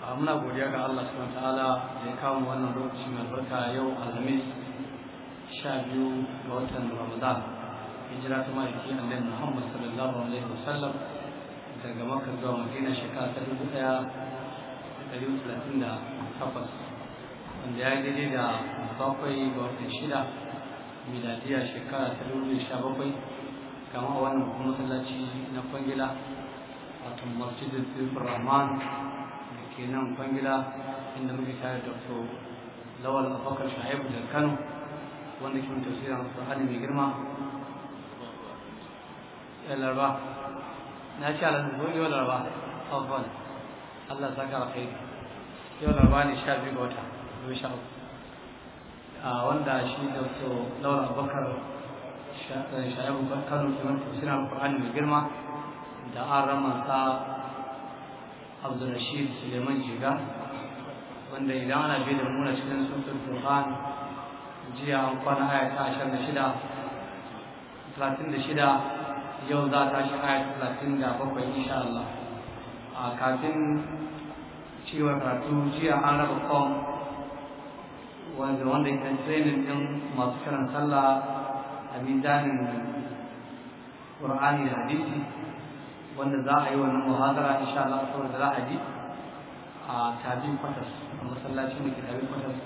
muna godiya ga Allah subhanahu ta'ala da ya kawo wannan lokaci mai albarka yau alhamis sha biyu ga watan ramadan hijira ta mahaifi annabi muhammad sallallahu alaihi wasallam daga makar zuwa madina shekara ta dubu daya dari talatin da takwas wanda ya daidai da bakwai ga watan shida miladiya shekara ta dubu sha bakwai kama wannan masallaci na kwangila wato masjidin sirfin rahman ke nan kwangila inda muke tare da su lawal Abubakar shahibu da kano wanda ke tafsirin alƙur'ani mai girma ya larba na ci ala da zoge larba afwan allah saka kai yau larba ne sha biyu ga wata biyu sha uku wanda shi da su lawal abakar shahibu kano ke nan tafsirin alƙur'ani mai girma da an ramansa abdurrashid suleiman jiga wanda idan ana bi da muna cikin sunan furqan jiya an kwana aya ta ashirin da shida talatin da shida yau za ta shi aya talatin da bakwai insha Allah a kafin cewa karatu jiya an raba kom wanda wanda kan training din masu kiran sallah a mizanin Qur'ani da hadisi wanda za a yi wannan muhazara insha Allah saboda za a ji a tabin kwatas a masallacin da ke tabin kwatas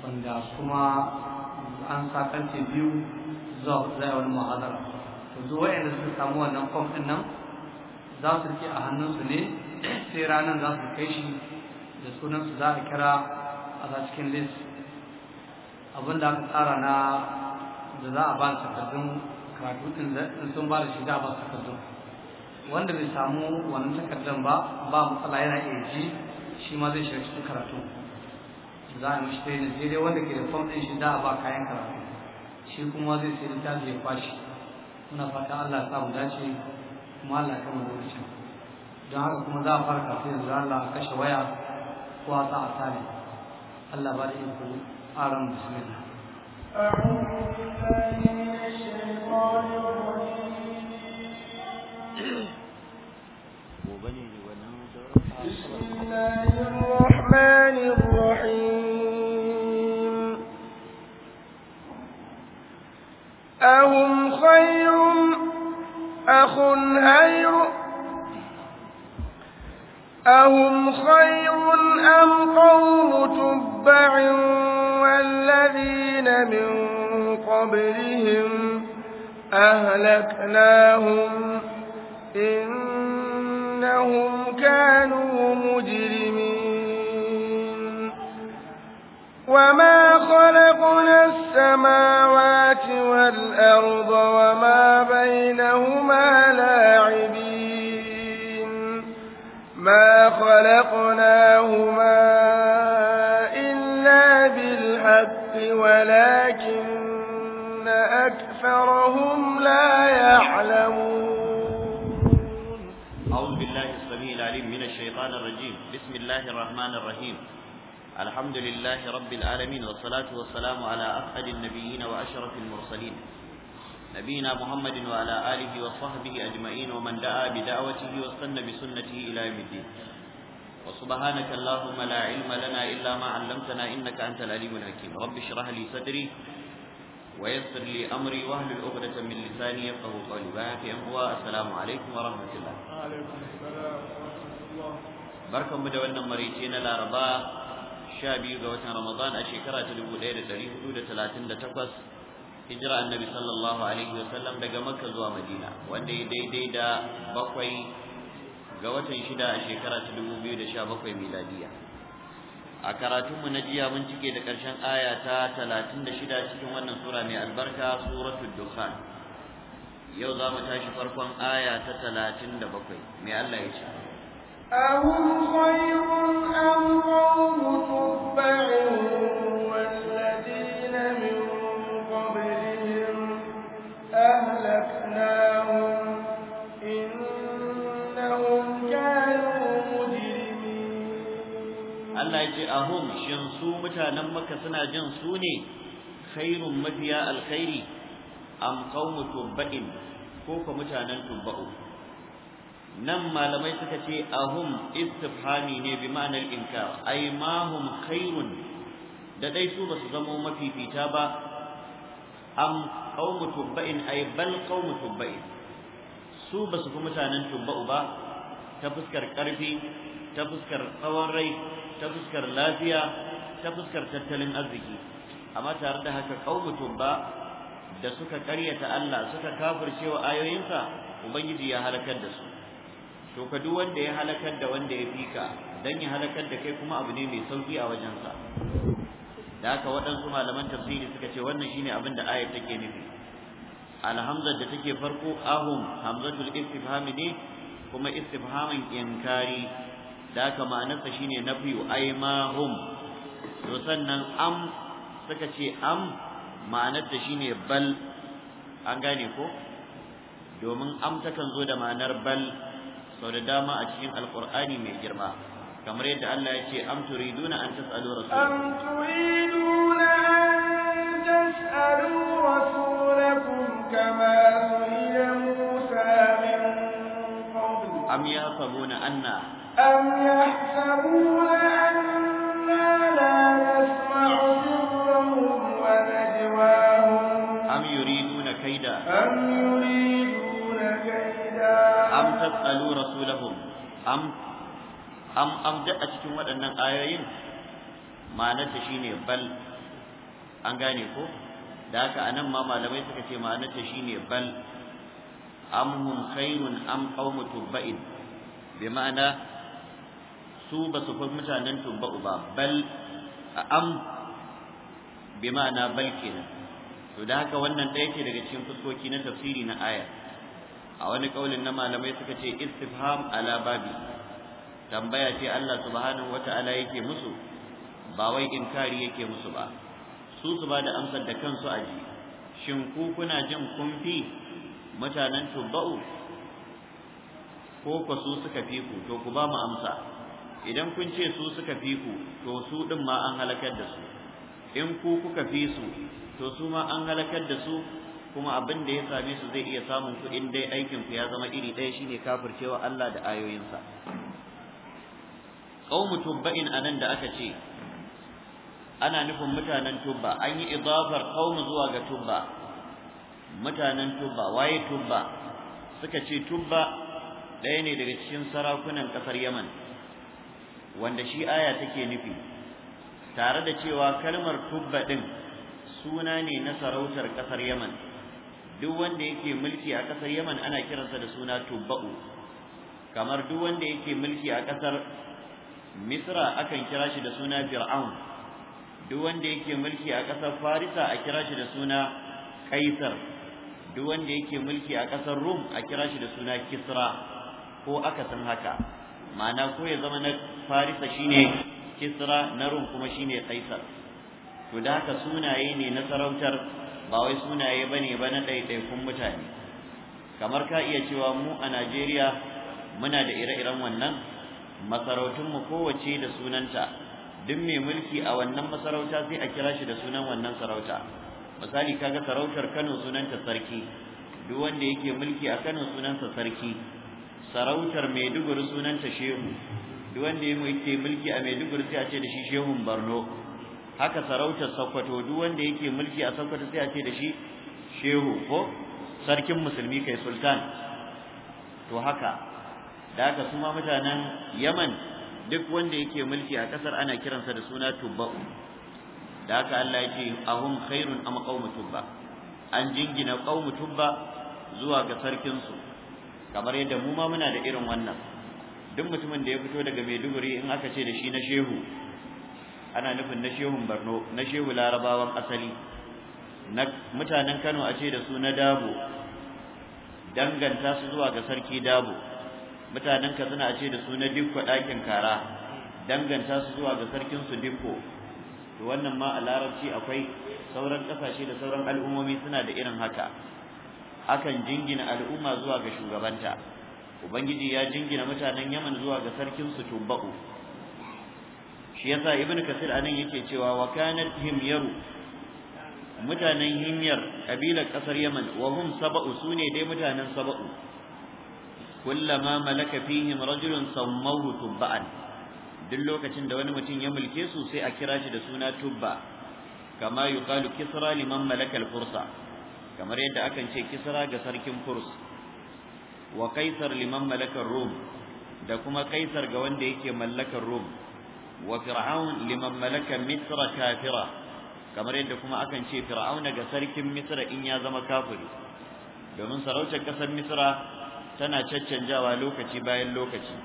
wanda kuma an sa karfe biyu zuwa za a yi wani muhazara to zo waɗanda suka samu wannan fom ɗin nan za su rike a hannunsu ne sai ranar za su kai shi da sunansu za a kira a cikin list abin da aka tsara na da za a ba su takardun karatu ɗin sun ba da shi da a ba su takardun wanda bai samu wannan takardar ba ba matsala yana iya ji shi ma zai shiga cikin karatu za a yi mishi tayi sai dai wanda ke da fam ɗin shi za a ba kayan karatu shi kuma zai sai littafi ya kwashi muna fata Allah ya samu dace kuma Allah kama lokacin don haka kuma za a fara kafin yanzu Allah a kashe waya ko a sa a tare Allah ba da iko aron bismillah أعوذ بالله من الشيطان الرجيم بسم الله الرحمن الرحيم أهم خير أخ هير أهم خير أم قوم تبع والذين من قبلهم أهلكناهم إن إنهم كانوا مجرمين وما خلقنا السماوات والأرض وما بينهما لاعبين ما خلقناهما إلا بالحق ولكن أكثرهم لا يعلمون الشيطان الرجيم بسم الله الرحمن الرحيم الحمد لله رب العالمين والصلاة والسلام على أفعد النبيين وأشرف المرسلين نبينا محمد وعلى آله وصحبه أجمعين ومن دعا بدعوته واستنى بسنته إلى يوم الدين وسبحانك اللهم لا علم لنا إلا ما علمتنا إنك أنت العليم الحكيم رب اشرح لي صدري ويسر لي أمري وأهل العقدة من لساني يفقه قولي السلام عليكم ورحمة الله وعليكم السلام mu da wannan marice na laraba sha biyu ga watan ramadan a shekara ta dubu ɗaya da ɗari hudu da talatin da takwas hijira annabi sallallahu alaihi wasallam daga makka zuwa madina wanda ya daidai da bakwai ga watan shida a shekara ta dubu biyu da sha bakwai miladiya a karatunmu na jiya mun cike da ƙarshen aya ta talatin da shida cikin wannan sura mai albarka suratul dukhan yau za mu tashi farkon aya ta talatin da bakwai mai allah ya ce mutanen jin sune kairin mafiya alkhairi am qaumu tubba'in ko ko mutanen tuba'u. nan malamai suka ce ahum istifhami ne bi ma'anar inkar ai ma hum khairun da dai su basu zamo mafifita ba am qaumu tubba'in ai bal qaumu tubba'in su basu fi mutanen tubba'u ba ta fuskar karfi ta fuskar tsawon rai ta fuskar lafiya ta fuskar tattalin arziki amma tare da haka qaumu tubba da suka karyata Allah suka kafircewa ayoyinsa ubangiji ya halakar da su to ka duk wanda ya halakar da wanda ya ka dan ya halakar da kai kuma abu ne mai sauki a wajensa da haka waɗansu malaman tafsiri suka ce wannan shine abin da ayat take nufi alhamza da take farko ahum hamzatul istifham ne kuma istifhamin inkari da haka ma'anarsa shine nafi ai ma hum to sannan am suka ce am ma'anarta shine bal an gane ko domin am takan zo da ma'anar bal sau da dama a cikin alkur'ani mai girma kamar yadda Allah ya ce am turiduna an tas'alu rasul am turiduna an tas'alu rasulakum kama su'ila Musa min qabl am yahsabuna anna am yahsabuna anna la nasma'u sirrahum wa najwahum am yuriduna kaida am yuriduna tasalu rasulahum am am am da a cikin waɗannan ayoyin ma'anarta shine bal an gane ko da haka anan ma malamai suka ce ma'anarta shine bal am hum khairun am qaumu tubba'in bi ma'ana su ba su fi mutanen tubba'u ba bal am bi ma'ana bal kenan to da haka wannan ɗaya ce daga cikin fuskoki na tafsiri na aya a wani kaulin na malamai suka ce istifham ala babi tambaya ce Allah subhanahu wata'ala yake musu ba wai inkari yake musu ba su su ba da amsar da kansu aji shin ku kuna jin kunfi, mutanen tubba'u ko ku su suka fi ku to ku ba mu amsa idan kun ce su suka fi ku to su din ma an halakar da su in ku kuka fi su to su ma an halakar da su kuma abin da ya same su zai iya samun su in dai aikin ku ya zama iri ɗaya shine kafircewa Allah da ayoyinsa qaumu tubba'in anan da aka ce ana nufin mutanen tubba an yi idafar qaumu zuwa ga tubba mutanen tubba waye tubba suka ce tubba ɗaya ne daga cikin sarakunan ƙasar Yaman wanda shi aya take nufi tare da cewa kalmar tubba din suna ne na sarautar ƙasar Yaman duk wanda yake mulki a kasar Yaman ana kiransa da suna tubba'u kamar duk wanda yake mulki a kasar Misra akan kira shi da suna Fir'aun duk wanda yake mulki a kasar Farisa a kira shi da suna Kaisar duk wanda yake mulki a kasar Rum a kira shi da suna Kisra ko aka san haka ma'ana ko ya zama na Farisa shine Kisra na Rum kuma shine Kaisar to da haka sunaye ne na sarautar ba wai sunaye bane ba na ɗaiɗaikun mutane kamar ka iya cewa mu a Najeriya muna da ire-iren wannan masarautunmu kowace da sunanta duk mai mulki a wannan masarauta sai a kira shi da sunan wannan sarauta misali kaga sarautar Kano sunanta sarki duk wanda yake mulki a Kano sunansa sarki sarautar Maiduguri sunanta shehu duk wanda yake mulki a Maiduguri sai a ce da shi shehun Borno haka sarautar Sokoto duk wanda yake mulki a Sokoto sai a ce da shi shehu ko sarkin musulmi kai sultan to haka da haka kuma mutanen Yaman duk wanda yake mulki a kasar ana kiransa da suna tubba da haka Allah ya ce ahum khairun am qaumu tubba an jingina qaumu tubba zuwa ga sarkin su kamar yadda mu ma muna da irin wannan duk mutumin da ya fito daga Maiduguri in aka ce da shi na shehu ana nufin na shehun barno na shehu larabawan asali na mutanen kano a ce da su na dabo danganta su zuwa ga sarki dabo mutanen katsina a ce da su na dikko ɗakin kara danganta su zuwa ga sarkin su dikko to wannan ma a larabci akwai sauran ƙasashe da sauran al'ummomi suna da irin haka akan jingina al'umma zuwa ga shugabanta ubangiji ya jingina mutanen yaman zuwa ga sarkinsu su shi yasa ibnu kasir anan yake cewa wa kanat himyaru mutanen himyar kabilar kasar yaman wa hum saba'u sune dai mutanen sab'u kullama malaka fihim rajulun sammahu tubban duk lokacin da wani mutum ya mulke su sai a kira shi da suna tubba kama yuqalu kisra liman malaka al-fursa kamar yadda akan ce kisra ga sarkin furs wa kaisar liman malakar rum da kuma kaisar ga wanda yake mallakar rum wa fir'aun liman misra kafira kamar yadda kuma akan ce fir'auna ga sarkin misra in ya zama kafiri domin sarautar ƙasar misra tana caccanjawa lokaci bayan lokaci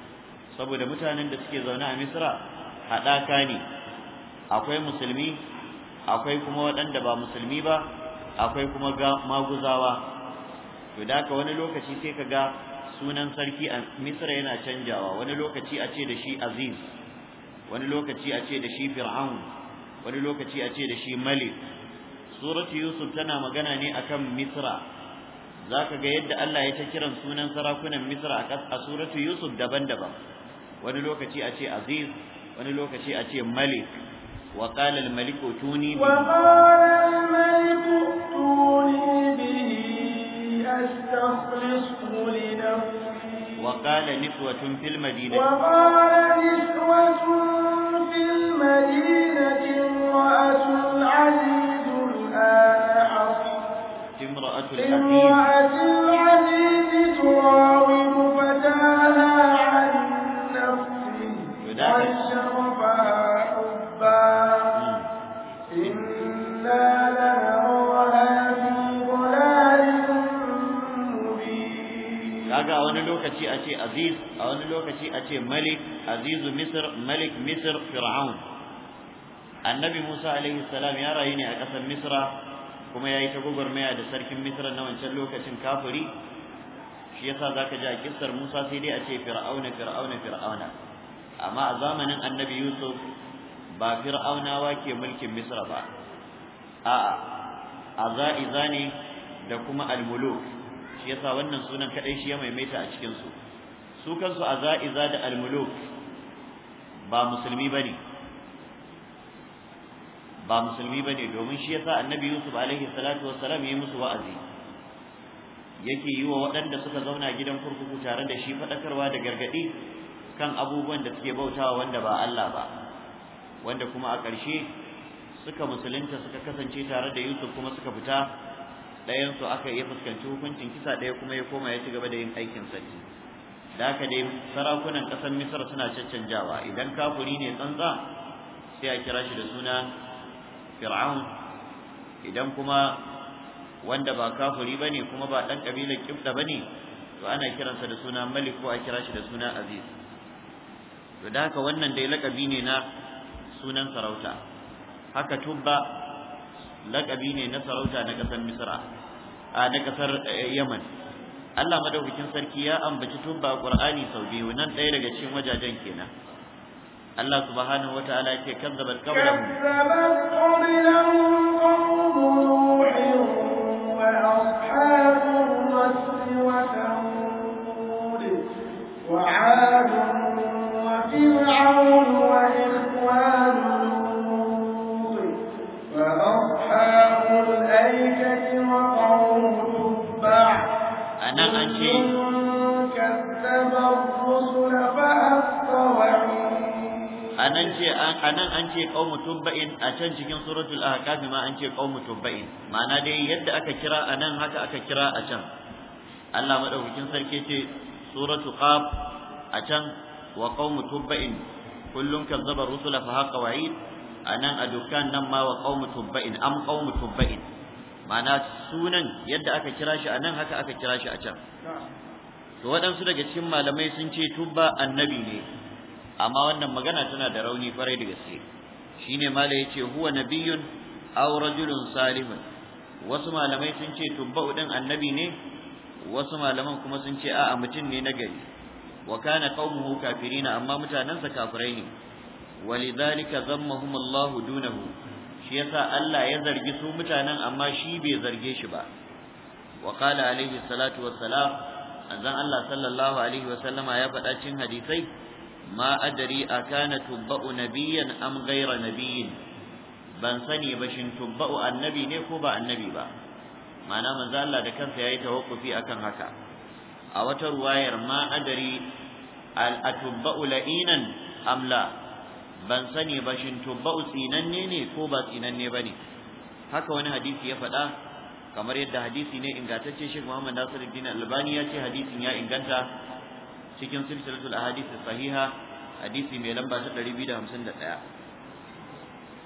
saboda mutanen da suke zaune a misra haɗaka ne akwai musulmi akwai kuma waɗanda ba musulmi ba akwai kuma maguzawa to da wani lokaci sai ka ga sunan sarki a misra yana canjawa wani lokaci a ce da shi aziz wani lokaci a ce da shi fir'aun wani lokaci a ce da shi malik suratu yusuf tana magana ne akan misra zaka ga yadda Allah ya ta kiran sunan sarakunan misra a suratu yusuf daban-daban wani lokaci a ce aziz wani lokaci a ce malik wa qala al-malik tuni wa qala al-malik tuni bihi astakhlisu li nafsi وقال نسوة في المدينة وقال نسوة في المدينة امرأة العزيز الآن حصي امرأة العزيز تراوي lokaci a ce aziz a wani lokaci a ce malik azizu Misir malik Misir fir'aun annabi musa alaihi salam ya rayu ne a ƙasar misra kuma ya yi ta gwagwarmaya da sarkin misra na wancan lokacin kafuri. shi yasa za ka ji a kissar musa sai dai a ce fir'auna fir'auna fir'auna amma a zamanin annabi yusuf ba fir'aunawa ke mulkin misra ba a'a azaiza ne da kuma almuluk shi yasa wannan sunan kadai shi ya maimaita a cikin su su kansu azaiza da almuluk ba musulmi bane ba musulmi bane domin shi yasa annabi yusuf alaihi salatu wassalam yayi musu wa'azi yake yi wa waɗanda suka zauna gidan kurkuku tare da shi faɗakarwa da gargaɗi kan abubuwan da suke bautawa wanda ba Allah ba wanda kuma a ƙarshe suka musulunta suka kasance tare da Yusuf kuma suka fita ɗayan su aka yi fuskanci hukuncin kisa ɗaya kuma ya koma ya ci gaba da yin aikin sarki da aka dai sarakunan ƙasar misra suna caccanjawa idan kafuri ne tsantsa sai a kira shi da suna fir'aun idan kuma wanda ba kafuri ba ne kuma ba ɗan ƙabilar kibda ne, to ana kiransa da suna malik ko a kira shi da suna aziz to da haka wannan dai lakabi ne na sunan sarauta haka tubba laƙabi ne na sarauta na kasar misra a na kasar eh, yaman Allah madaukakin sarki ya ambaci tubba qur'ani sau biyu nan ɗaya daga cikin wajajen kenan Allah subhanahu wataala yake kazzabat qablahum kazzabat qablahum qawm wa wa وأصحاب الأيكة وقوم تبع أنا أجي كذب الرسل فأطوعوا anan ce anan an ce qaumu tubba'in a can cikin suratul ahqaf ma an ce qaumu tubba'in ma'ana dai yadda aka kira anan haka aka kira a can Allah madaukakin sarki ce suratu qaf a can wa qaumu tubba'in kullun kazzaba rusula fa haqa wa'id anan a dukkan nan ma wa qaumu tubba'in am qaumu tubba'in ma'ana sunan yadda aka kira shi anan haka aka kira shi a can to waɗansu daga cikin malamai sun ce tubba annabi ne amma wannan magana tana da rauni farai da gaske shine mala yace huwa nabiyyun aw rajulun salimun wasu malamai sun ce tubba din annabi ne wasu malaman kuma sun ce a'a mutum ne na gari wa kana qaumuhu kafirina amma mutanansa kafirai ne walidhalika zammahum Allah dunahu shi yasa Allah ya zargi su mutanen amma shi bai zarge shi ba wa qala alaihi salatu wassalam anzan Allah sallallahu alaihi wasallama ya faɗa cin hadisai ma adari akana tubba'u nabiyyan am ghayra nabiyyin ban sani ba shin tubba'u annabi ne ko ba annabi ba ma'ana manzo Allah da kansa yayi tawakkufi akan haka a wata ruwayar ma adari al atubba'u la'inan amla ban sani ba shin tubba'u tsinanne ne ko ba tsinanne ba ne haka wani hadisi ya faɗa kamar yadda hadisi ne ingantacce shi Muhammad Nasiruddin Albani ya ce hadisin ya inganta cikin silsilatul ahadith sahiha hadisi mai lamba ta 251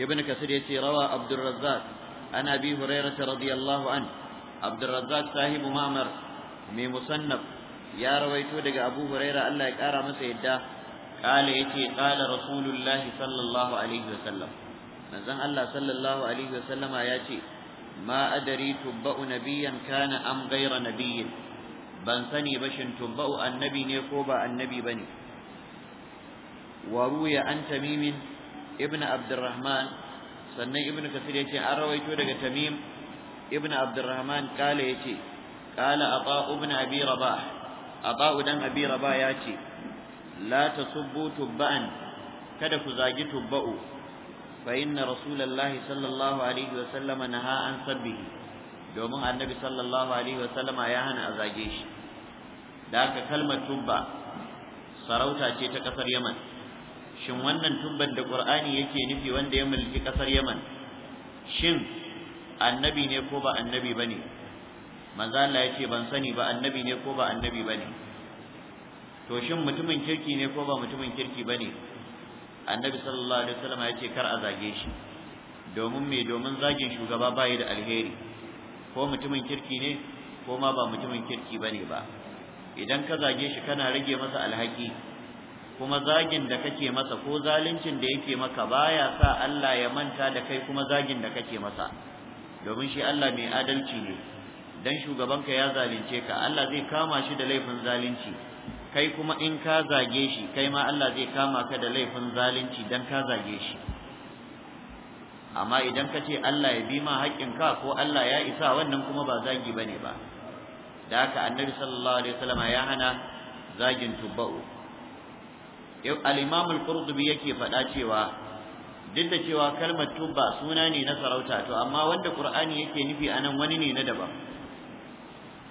Ibn Kasir ya ce rawa Abdul Razzaq an Abi Hurairah radiyallahu an Abdul Razzaq sahibu Ma'mar mai musannaf ya rawaito daga Abu Hurairah Allah ya kara masa yadda قال يتي قال رسول الله صلى الله عليه وسلم manzon Allah sallallahu alaihi wasallam ya ce ma adari tubba'u nabiyyan kana am ghayra nabiyyin ban sani ba shin tubba'u annabi ne ko ba annabi bane wa ruya an tamim ibn abdurrahman sannan ibn kasir yace an rawaito daga tamim ibn abdurrahman kala yace kala ata ibn dan abi yace la tasubbu tubba'an kada ku zagi tubba'u fa inna rasulullahi sallallahu alaihi wa sallama naha an domin annabi sallallahu ya hana a zage shi da haka kalmar tubba sarauta ce ta ƙasar Yaman shin wannan tubban da Qur'ani yake nufi wanda ya mulki kasar Yaman shin annabi ne ko ba annabi bane manzo Allah ya ce ban sani ba annabi ne ko ba annabi bane to shin mutumin kirki ne ko ba mutumin kirki bane annabi sallallahu alaihi wasallam ya ce kar a zage shi domin me domin zagin shugaba yi da alheri ko mutumin kirki ne ko ma ba mutumin kirki bane ba idan ka zage shi kana rage masa alhaki kuma zagin da kake masa ko zaluncin da yake maka baya sa Allah ya manta da kai kuma zagin da kake masa domin shi Allah mai adalci ne dan shugabanka ya zalunce ka Allah zai kama shi da laifin zalunci kai kuma in ka zage shi kai ma Allah zai kama ka da laifin zalunci dan ka zage shi amma idan ka ce Allah ya bi ma haƙƙinka ko Allah ya isa wannan kuma ba zagi bane ba da haka annabi sallallahu alaihi wasallam ya hana zagin tubba'u al-imam al-qurtubi yake faɗa cewa duk da cewa kalmar tubba suna ne na sarauta to amma wanda qur'ani yake nufi anan wani ne na daban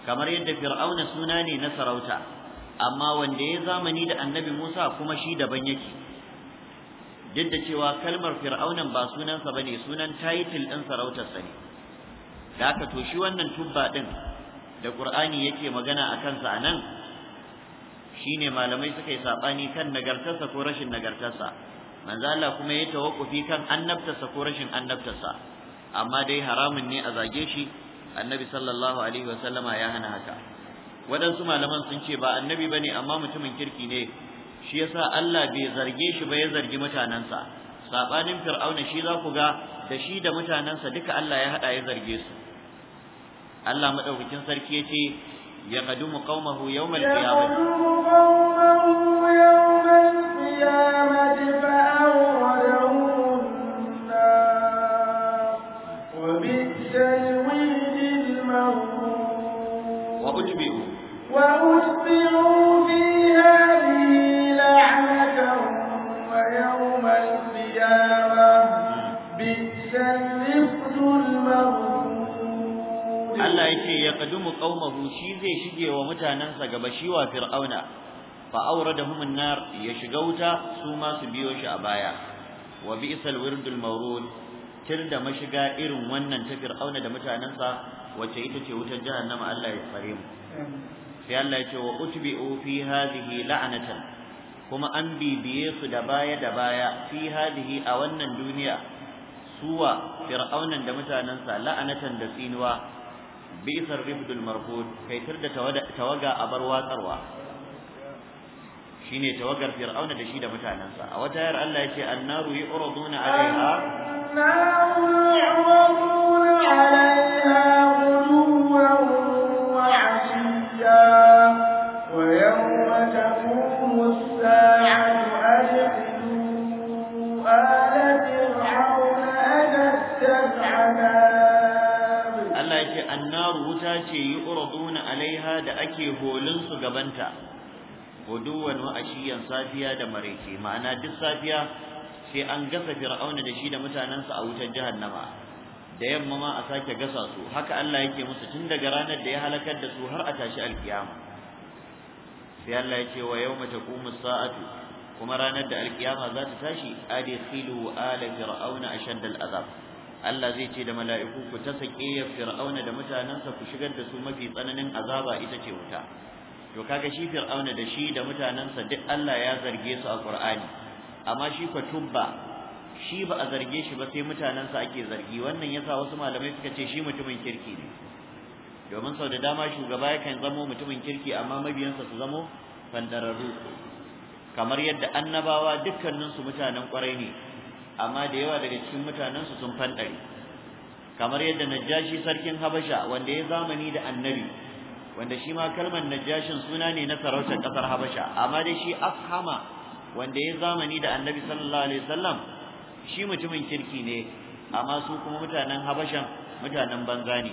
kamar yadda fir'auna suna ne na sarauta amma wanda ya zamani da annabi Musa kuma shi daban yake duk da cewa kalmar fir'aunan ba sunansa ba ne, sunan title din sarautarsa ne da aka to shi wannan tubba din da Qur'ani yake magana a kansa anan shine malamai suka yi saɓani kan nagartarsa ko rashin nagartarsa manzo Allah kuma ya tawakkufi kan annabtarsa ko rashin annabtarsa amma dai haramun ne a zage shi annabi sallallahu alaihi wasallama ya hana haka waɗansu malaman sun ce ba annabi ne, amma mutumin kirki ne shi yasa Allah bai zarge shi ba ya zargi mutanensa. Saɓanin fir'auna shi za ku ga da shi da mutanensa duka Allah ya haɗa ya zarge su Allah maɗaukakin sarki ce ya qadumu qaumahu yawmal qiyamah yawmal qiyamah وأتبعوا في هذه لعنة ويوم القيامة بئس الرفد المردود الله يكي gaba shi wa fir'auna fa awradahum an-nar ya shiga wuta su ma su biyo shi a baya wa bi'sal wirdul mawrud da mashiga irin wannan ta fir'auna da mutanansa wacce ita ce wutar jahannama Allah ya tsare mu sai Allah ya ce wa utbi'u fi hadhihi la'natan kuma an bibiye su da baya da baya fi hadhihi a wannan duniya suwa fir'aunan da mutanansa la'anatan da tsinuwa bi'sar rifdul marfud kaitar da tawaga a bar watsarwa shine tawagar fir'auna da shi da mutanansa a wata yar Allah ce annaru yu'raduna 'alayha annaru yu'raduna 'alayha gabanta guduwan wa ashiyan safiya da maraice ma'ana duk safiya sai an gasa fir'auna da shi da mutanensa a wutar nama. da yamma ma a sake gasa su haka Allah yake musu tun daga ranar da ya halakar da su har a tashi alkiyama sai Allah ya ce wa yawma taqumu sa'atu kuma ranar da alkiyama za ta tashi adkhilu ala fir'auna ashadda al'azab Allah zai ce da mala'iku ku ta sake ya fir'auna da mutanansa ku shigar da su mafi tsananin azaba ita ce wuta to kaga shi fir'auna da shi da mutanansa duk Allah ya zarge su a Qur'ani amma shi fa tubba shi ba a zarge shi ba sai mutanensa ake zargi wannan yasa wasu malamai suka ce shi mutumin kirki ne domin sau da dama shugaba ya kan zamo mutumin kirki amma mabiyansa su zamo fandararru kamar yadda annabawa dukkaninsu mutanen kwarai ne amma da yawa daga cikin mutanensu sun fandare kamar yadda najashi sarkin habasha wanda ya zamani da annabi wanda shi ma kalmar najashin suna ne na sarautar kasar habasha amma dai shi afhama wanda ya zamani da annabi sallallahu alaihi wasallam shi mutumin kirki ne amma su kuma mutanen habashan mutanen banza ne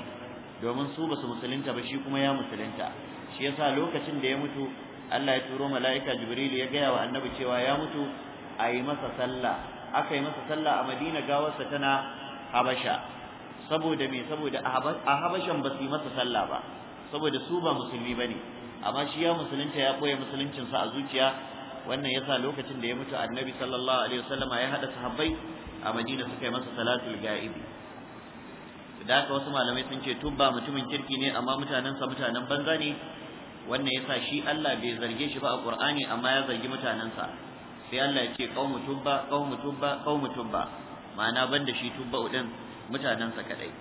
domin su basu musulunta ba shi kuma ya musulunta shi yasa lokacin da ya mutu Allah ya turo mala'ika Jibril ya gaya wa annabi cewa ya mutu a yi masa sallah aka yi masa sallah a Madina gawarsa tana Habasha saboda me saboda a Habashan ba su yi masa sallah ba saboda su ba musulmi bane amma shi ya musulunta ya koya musuluncinsa a zuciya wannan yasa lokacin da ya mutu annabi sallallahu alaihi wasallama ya hada sahabbai a Madina suka yi masa salatul ga'ibi da haka wasu malamai sun ce tubba mutumin kirki ne amma mutanen sa mutanen banza ne wannan yasa shi Allah bai zarge shi ba a Qur'ani amma ya zargi mutanen sa sai Allah ya ce qaumu tubba qaumu tubba qaumu tubba ma'ana banda shi tubba din mutanen sa kadai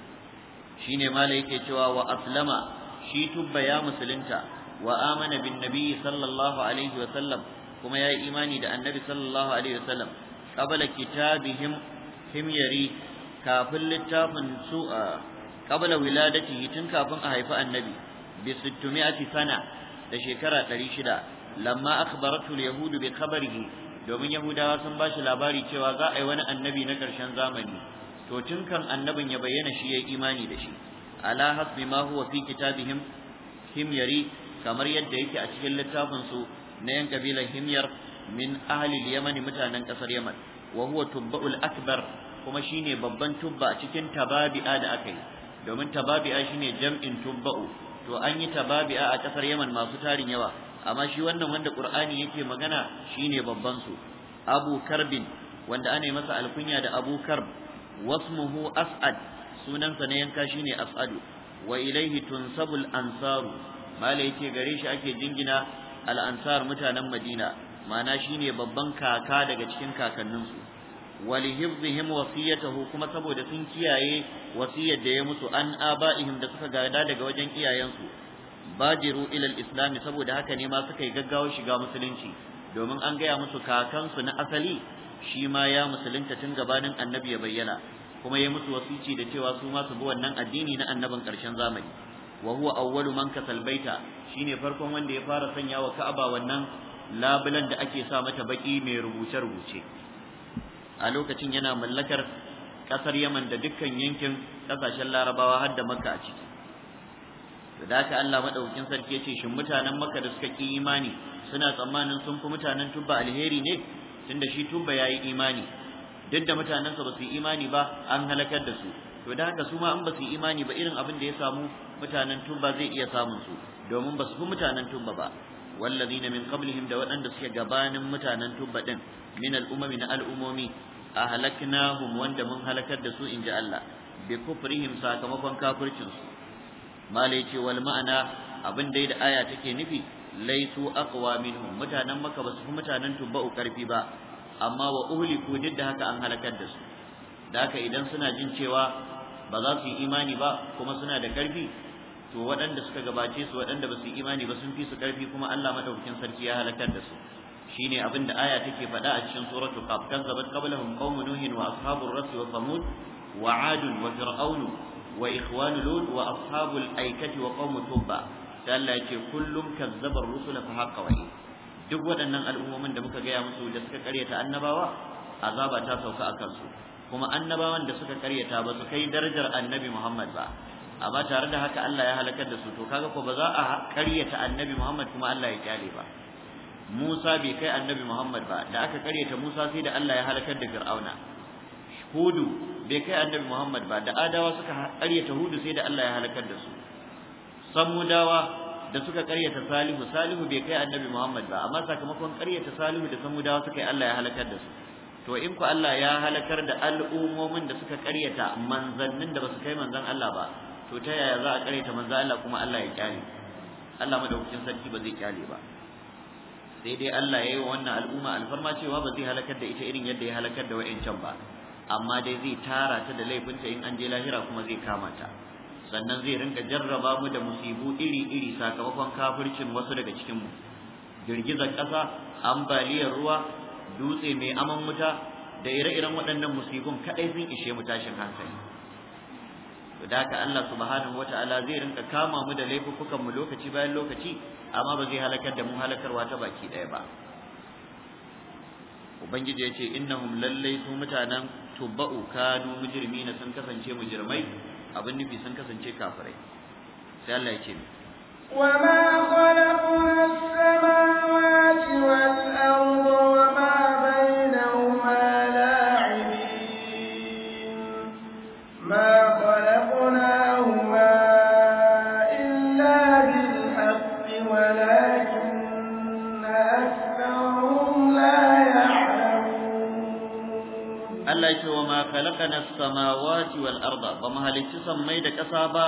shine mala yake cewa wa aslama shi tubba ya musulunta wa amana bin nabi sallallahu alaihi wa sallam kuma ya yi imani da annabi sallallahu alaihi wasallam qabla kitabihim himyari kafin littafin su a qabla wiladatihi tun kafin a haifi annabi bi 600 sana da shekara 600 lamma akhbaratu Yahudu yahud bi khabarihi domin yahudawa sun ba shi labari cewa za a yi wani annabi na ƙarshen zamani to tun kan annabin ya bayyana shi ya yi imani da shi ala hasbi ma huwa fi kitabihim himyari kamar yadda yake a cikin littafin su na yan kabilar himyar min ahlil yamani mutanen kasar yaman wa huwa tubba'ul akbar kuma shine babban tubba a cikin tababi'a da aka yi domin tababi'a shine jam'in tubba'u to an yi tababi'a a kasar yaman masu tarin yawa amma shi wannan wanda qur'ani yake magana shine babban su abu karbin wanda ana masa alkunya da abu karb wasmuhu as'ad sunansa na yanka shine as'adu wa ilaihi tunsabul ansaru mala yake gare shi ake jingina Al'ansar mutanen madina ma'ana ne babban kaka daga cikin kakanninsu walihibzihim wasiyatahu kuma saboda sun kiyaye wasiyar da ya musu an aba'ihim da suka gada daga wajen iyayensu bajiru ilal islami saboda haka ne ma suka yi gaggawa shiga musulunci domin an gaya musu kakansu na asali shi ma ya musulunta tun gabanin annabi ya bayyana kuma ya musu wasici da cewa su ma su bi wannan addini na annabin ƙarshen zamani wa huwa awwalu man kasal baita shine farkon wanda ya fara sanya wa Ka'aba wannan labulan da ake sa mata baki mai rubuce-rubuce a lokacin yana mallakar kasar Yaman da dukkan yankin kasashen Larabawa har da Makka a ciki da Allah madaukakin sarki yace shin mutanen Makka da suka ki imani suna tsammanin sun fi mutanen Tubba alheri ne tunda shi Tubba yayi imani duk da mutanensa ba su yi imani ba an halakar da su to da haka su ma an ba su yi imani ba irin abin da ya samu mutanen Tubba zai iya samun su domin ba su fi mutanen tumba ba wallazi na min qablihim da waɗanda suke gabanin mutanen tuba ɗin, min al'umami na al'umomi ahlaknahum wanda mun halakar da su in ji Allah bi kufrihim sakamakon kafircin su mala wal ma'ana abin da da aya take nufi laisu aqwa minhum mutanen maka ba su fi mutanen tubba karfi ba amma wa uhliku duk da haka an halakar da su da haka idan suna jin cewa ba za su yi imani ba kuma suna da karfi to waɗanda suka gabace su waɗanda ba su yi imani ba sun fi su ƙarfi kuma Allah madaukakin sarki ya halakar da su shine abin da aya take faɗa a cikin suratul qaf kazzabat qablahum qaumun nuhin wa ashabur rass wa thamud wa ad wa fir'aun wa ikhwan lut wa ashabul aikati wa qaum tubba Allah ya ce kullum kazzabar rusul fa haqqa wa duk waɗannan al'ummomin da muka gaya musu da suka karyata annabawa azaba ta sauka a kansu kuma annabawan da suka karyata ba su kai darajar annabi Muhammad ba amma tare da haka Allah ya halakar da su to kaga ko ba za a karyata annabi Muhammad kuma Allah ya kyale ba Musa bai kai annabi Muhammad ba da aka karyata Musa sai da Allah ya halakar da Fir'auna Hudu bai kai annabi Muhammad ba da Adawa suka karyata Hudu sai da Allah ya halakar da su Samudawa da suka karyata Salihu Salihu bai kai annabi Muhammad ba amma sakamakon karyata Salihu da Samudawa suka yi Allah ya halakar da su to in ku Allah ya halakar da al'umomin da suka karyata manzannin da ba su kai manzan Allah ba to ta yaya za a ta manzo Allah kuma Allah ya kyale Allah madaukakin sarki ba zai kyale ba sai dai Allah ya yi wa wannan al'umma alfarma cewa ba zai halakar da ita irin yadda ya halakar da wayancan ba amma dai zai tara ta da laifin ta in an je lahira kuma zai kama ta sannan zai rinka jarraba mu da musibu iri-iri sakamakon kafircin wasu daga cikinmu girgizar ƙasa ambaliyar ruwa dutse mai aman wuta da ire-iren waɗannan musibun kaɗai sun ishe mu tashin hankali to da haka Allah subhanahu wataala zai rinka kama mu da laifukan mu lokaci bayan lokaci amma ba zai halakar da mu halakarwa ta baki daya ba ubangiji ya ce innahum lallai su mutanen tubba'u kanu na sun kasance mujrimai abin nufi sun kasance kafirai sai Allah ya ce khalaqna as-samawati wal khalaqana as-samawati wal arda ba ma halicci sammai da ƙasa ba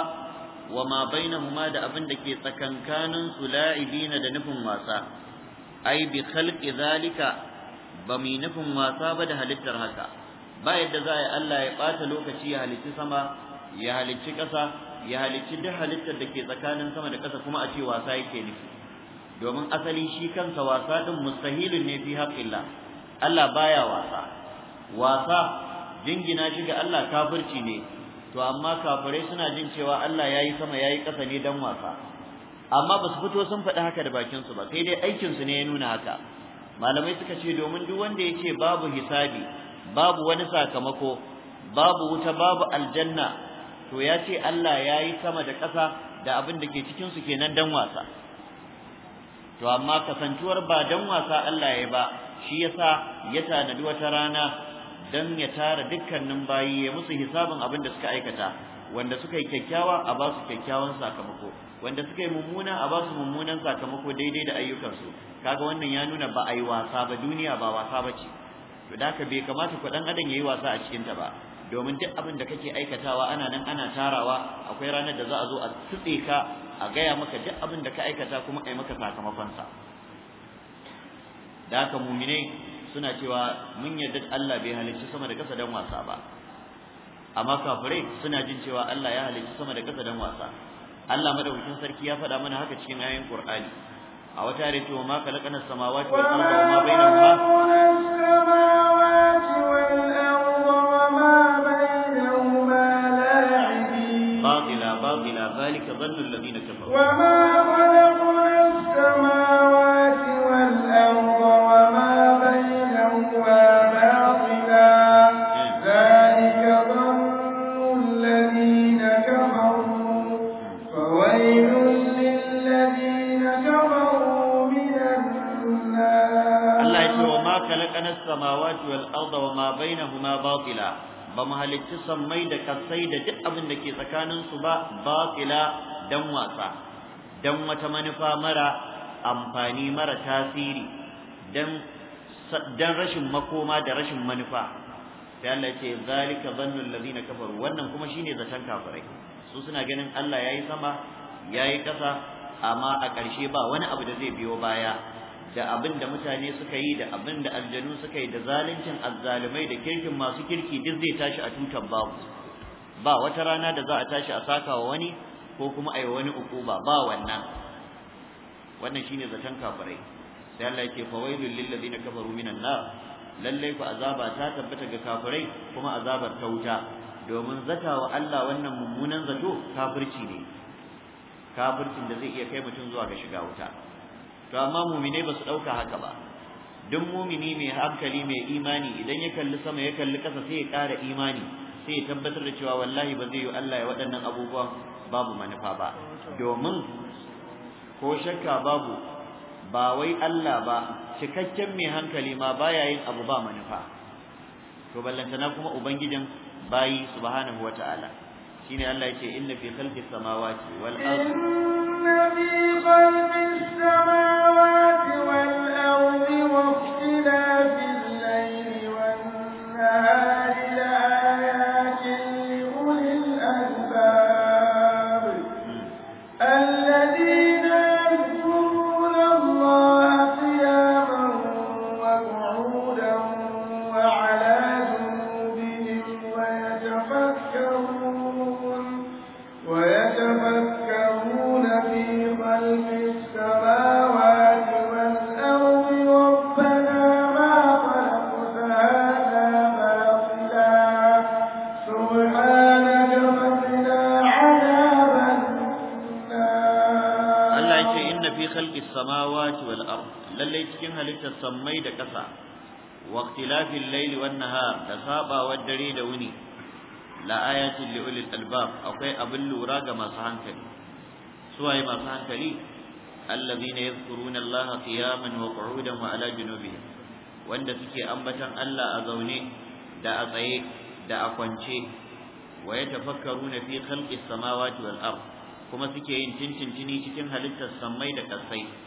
wa ma bainahuma da abin da ke tsakankanin su la'ibina da nufin wasa ai bi khalqi zalika ba mi nufin wasa ba da halittar haka ba yadda za a yi Allah ya ɓata lokaci ya halicci sama ya halicci ƙasa ya halicci duk halittar da ke tsakanin sama da ƙasa kuma a ce wasa yake nufi domin asali shi kansa wasa ɗin mustahilin ne fi haƙƙillah Allah baya wasa jingina shi ga Allah kafirci ne to amma kafirai suna jin cewa Allah yayi sama yayi ƙasa ne dan wasa amma basu fito sun faɗi haka da bakin su ba sai dai aikin su ne ya nuna haka malamai suka ce domin duk wanda yace babu hisabi babu wani sakamako babu wuta babu aljanna to ya ce Allah yayi sama da ƙasa da abin da ke cikin su kenan dan wasa to amma kasantuwar ba dan wasa Allah ya ba shi yasa ya tanadi wata rana dan ya tara dukkanin bayi ya musu hisabin abin da suka aikata wanda suka yi kyakkyawa a ba su kyakkyawan sakamako wanda suka yi mummuna a ba su mummunan sakamako daidai da ayyukansu kaga wannan ya nuna ba a yi wasa ba duniya ba wasa ba ce to da haka bai kamata ku dan adam yi wasa a cikin ta ba domin duk abin da kake aikatawa ana nan ana tarawa akwai ranar da za a zo a tsitse ka a gaya maka duk abin da ka aikata kuma a yi maka sakamakonsa. sa da haka mumine suna cewa mun yarda Allah bai halicci sama da ƙasa dan wasa ba amma kafirai suna jin cewa Allah ya halicci sama da ƙasa dan wasa Allah madaukakin sarki ya faɗa mana haka cikin ayoyin Qur'ani a wata yare cewa ma kalakana samawati wal arda wa ma bainahuma باطلا باطلا ذلك ظن الذين كفروا وما خلق samawati wal arda wa ma bainahuma batila ba mu halicci sammai da kasai da duk abin da ke tsakanin su ba batila dan wasa dan wata manufa mara amfani mara tasiri dan rashin makoma da rashin manufa sai Allah ya ce zalika zannul ladina kafaru wannan kuma shine zaton kafirai su suna ganin Allah yayi sama yayi ƙasa, amma a ƙarshe ba wani abu da zai biyo baya da abin da mutane suka yi da abin da aljanu suka yi da zaluncin azzalumai da kirkin masu kirki duk zai tashi a tutar babu ba wata rana da za a tashi a saka wa wani ko kuma a yi wani ukuba ba wannan wannan shine zaton kafirai sai Allah yake fawailul lil ladina kafaru minan nar lalle ku azaba ta tabbata ga kafirai kuma azabar ta wuta domin zatawa Allah wannan mummunan zato kafirci ne kafircin da zai iya kai mutum zuwa ga shiga wuta to amma mu'mine ba su dauka haka ba duk mu'mini mai hankali mai imani idan ya kalli sama ya kalli kasa sai ya ƙara imani sai ya tabbatar da cewa wallahi ba zai yi Allah ya waɗannan abubuwan babu manufa ba domin ko shakka babu ba wai Allah ba cikakken mai hankali ma baya yin abu ba manufa to ballantana kuma ubangijin bayi subhanahu wataala shine Allah yake inna fi khalqis samawati wal ardi في خلق السماوات cikin halittar sammai da ƙasa wa ikhtilafil layli wan nahar da sabawar dare da wuni la ayatin li ulil albab akwai abin lura ga masu hankali suwaye masu hankali allazina yadhkuruna Allah qiyaman wa qu'udan wa ala junubihim wanda suke ambatan Allah a zaune da a tsaye da a kwance wa yatafakkaruna fi khalqis samawati wal ard kuma suke yin tintintini cikin halittar sammai da ƙasai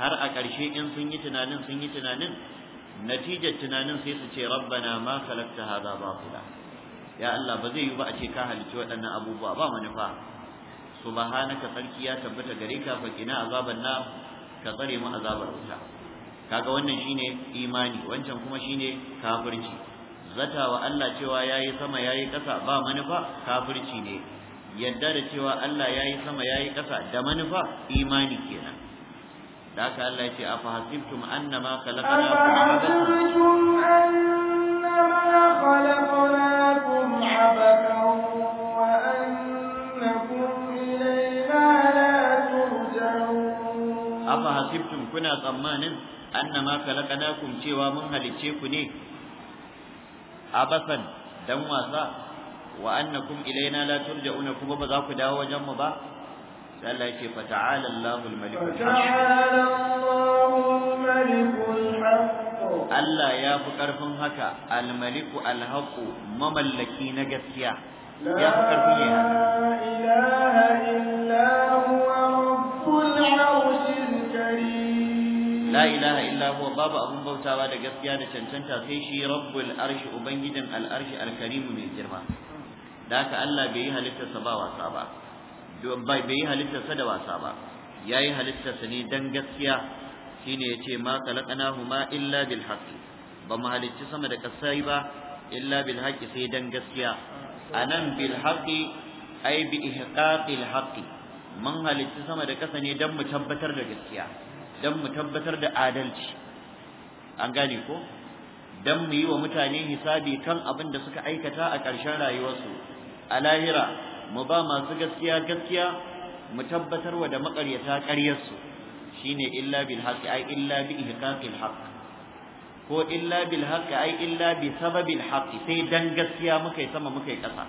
har a ƙarshe in sun yi tunanin sun yi tunanin natijar tunanin sai su ce rabbana ma khalaqta hadha batila ya Allah ba zai yi ba a ce ka halice waɗannan abubuwa ba manufa subhanaka sarki ya tabbata gare ka fa kina azaban na ka tsare mu azabar wuta kaga wannan shine imani wancan kuma shine kafirci zata wa Allah cewa yayi sama yayi ƙasa ba manufa kafirci ne yadda da cewa Allah yayi sama yayi ƙasa da manufa imani kenan da haka Allah ya ce afa hasibtum annama khalaqnakum hasibtum annama khalaqnakum abathan wa annakum ilayna la turja'un afa hasibtum kuna tsammanin annama cewa mun halice ku ne abasan dan wasa wa annakum ilayna la una kuma ba za ku dawo wajen mu ba Allah yake fa ta'ala Allahul malikul haq Allah ya fi karfin haka al-maliku al-haqu mamallaki na gaskiya ya fi karfin yayi la ilaha illa huwa rabbul arshil karim la ilaha illa huwa babu abin bautawa da gaskiya da cancanta sai shi rabbul arshi ubangijin al-arshi al-karim mai girma da Allah bai yi halittarsa ba wasa ba bai yi halittarsa da wasa ba ya yi halittarsa ne don gaskiya shi ne ya ce ma huma illa bil haqqi ba mu halicci sama da yi ba illa bil haqqi sai don gaskiya anan bil haqqi ai bi ihqaqil haqqi mun halicci sama da kasa ne dan mu tabbatar da gaskiya dan mu tabbatar da adalci an gane ko dan mu yi wa mutane hisabi kan abin da suka aikata a ƙarshen rayuwarsu a lahira mu ba masu gaskiya gaskiya mu tabbatar wa da maƙaryata ƙaryarsu shine illa bil haqqi ai illa bi ihqaqil haqq ko illa bil haqqi ai illa bi sababil haqqi sai dan gaskiya muka yi sama muka yi ƙasa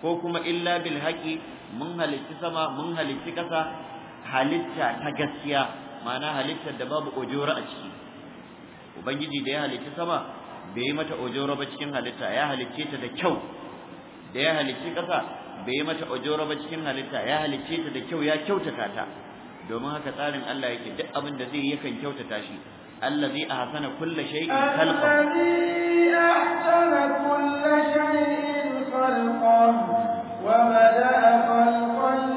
ko kuma illa bil haqqi mun halitti sama mun halitti ƙasa halitta ta gaskiya ma'ana halittar da babu ojoro a ciki ubangiji da ya halitti sama bai yi mata ojoro ba cikin halitta ya halicce ta da kyau da ya halicci ƙasa bai yi mata ojoro ba cikin halitta ya halicce ta da kyau ya kyautata ta domin haka tsarin Allah yake duk abin da zai yi yakan kyautata shi allazi ahsana kulli shay'in khalqa allazi ahsana kulli shay'in khalqa wa bada'a khalqal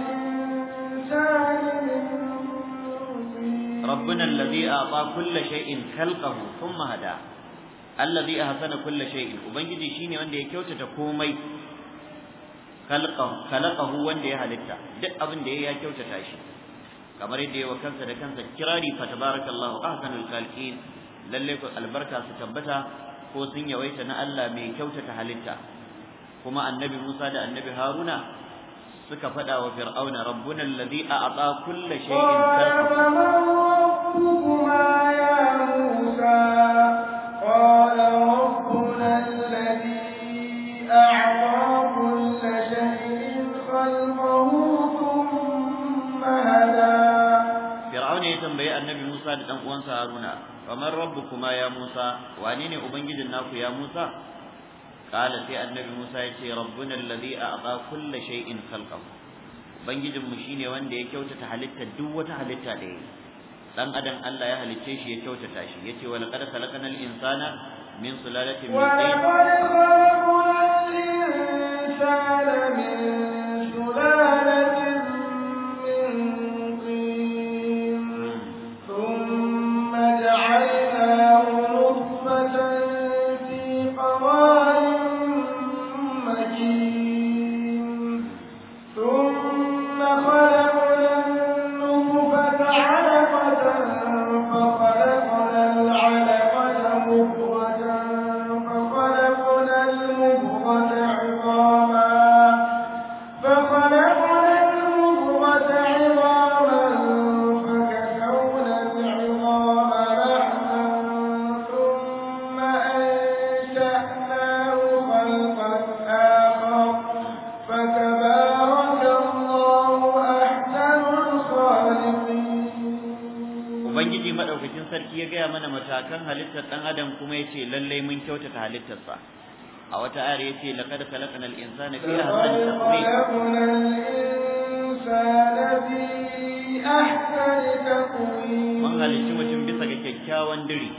insani ربنا الذي أعطى كل شيء خلقه ثم هداه allazi ahsana kulli shay'in ubangiji shine wanda ya kyautata komai khalaqahu wanda ya halitta duk abin da ya kyautata shi kamar yadda yawa kansa da kansa kirari fa tabarakallahu ahsanul khaliqin lalle ko albarka su tabbata ko sun yawaita na Allah mai kyautata halitta kuma annabi Musa da annabi Haruna suka faɗa wa fir'auna rabbuna alladhi a'ata kulli shay'in da dan uwansa Haruna kamar kuma ya Musa wane ne ubangijin naku ya Musa kala sai annabi Musa ya ce rabbuna a a'ta kulle shay'in khalqahu ubangijin mu shine wanda ya kyautata halitta duk wata halitta da ya dan adam Allah ya halicce shi ya kyautata shi ya ce qad khalaqnal insana min sulalatin min tin wa min sulalatin akan halittar dan adam kuma yace lallai mun kyautata halittarsa a wata ayar yace laqad khalaqnal insana fi ahsani taqwim mun halicci mutum bisa ga kyakkyawan diri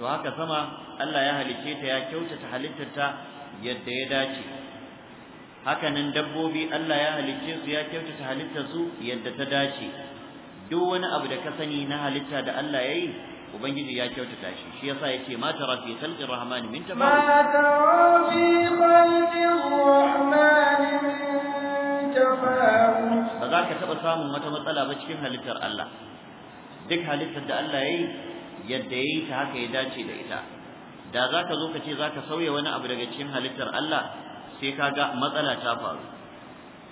to haka sama Allah ya halicce ta ya kyautata halittarta yadda ya dace hakanan dabbobi Allah ya halicce su ya kyautata halittarsu yadda ta dace duk wani abu da ka sani na halitta da Allah ya yi ubangiji ya kyautata shi shi yasa yace ma tara fi khalqi rahmani min tafawu ma tara fi khalqi rahmani min tafawu ba ka taba samun wata matsala ba cikin halittar Allah duk halittar da Allah yayi yadda yayi ta haka ya dace da ita da za zo ka ce za sauya wani abu daga cikin halittar Allah sai ka ga matsala ta faru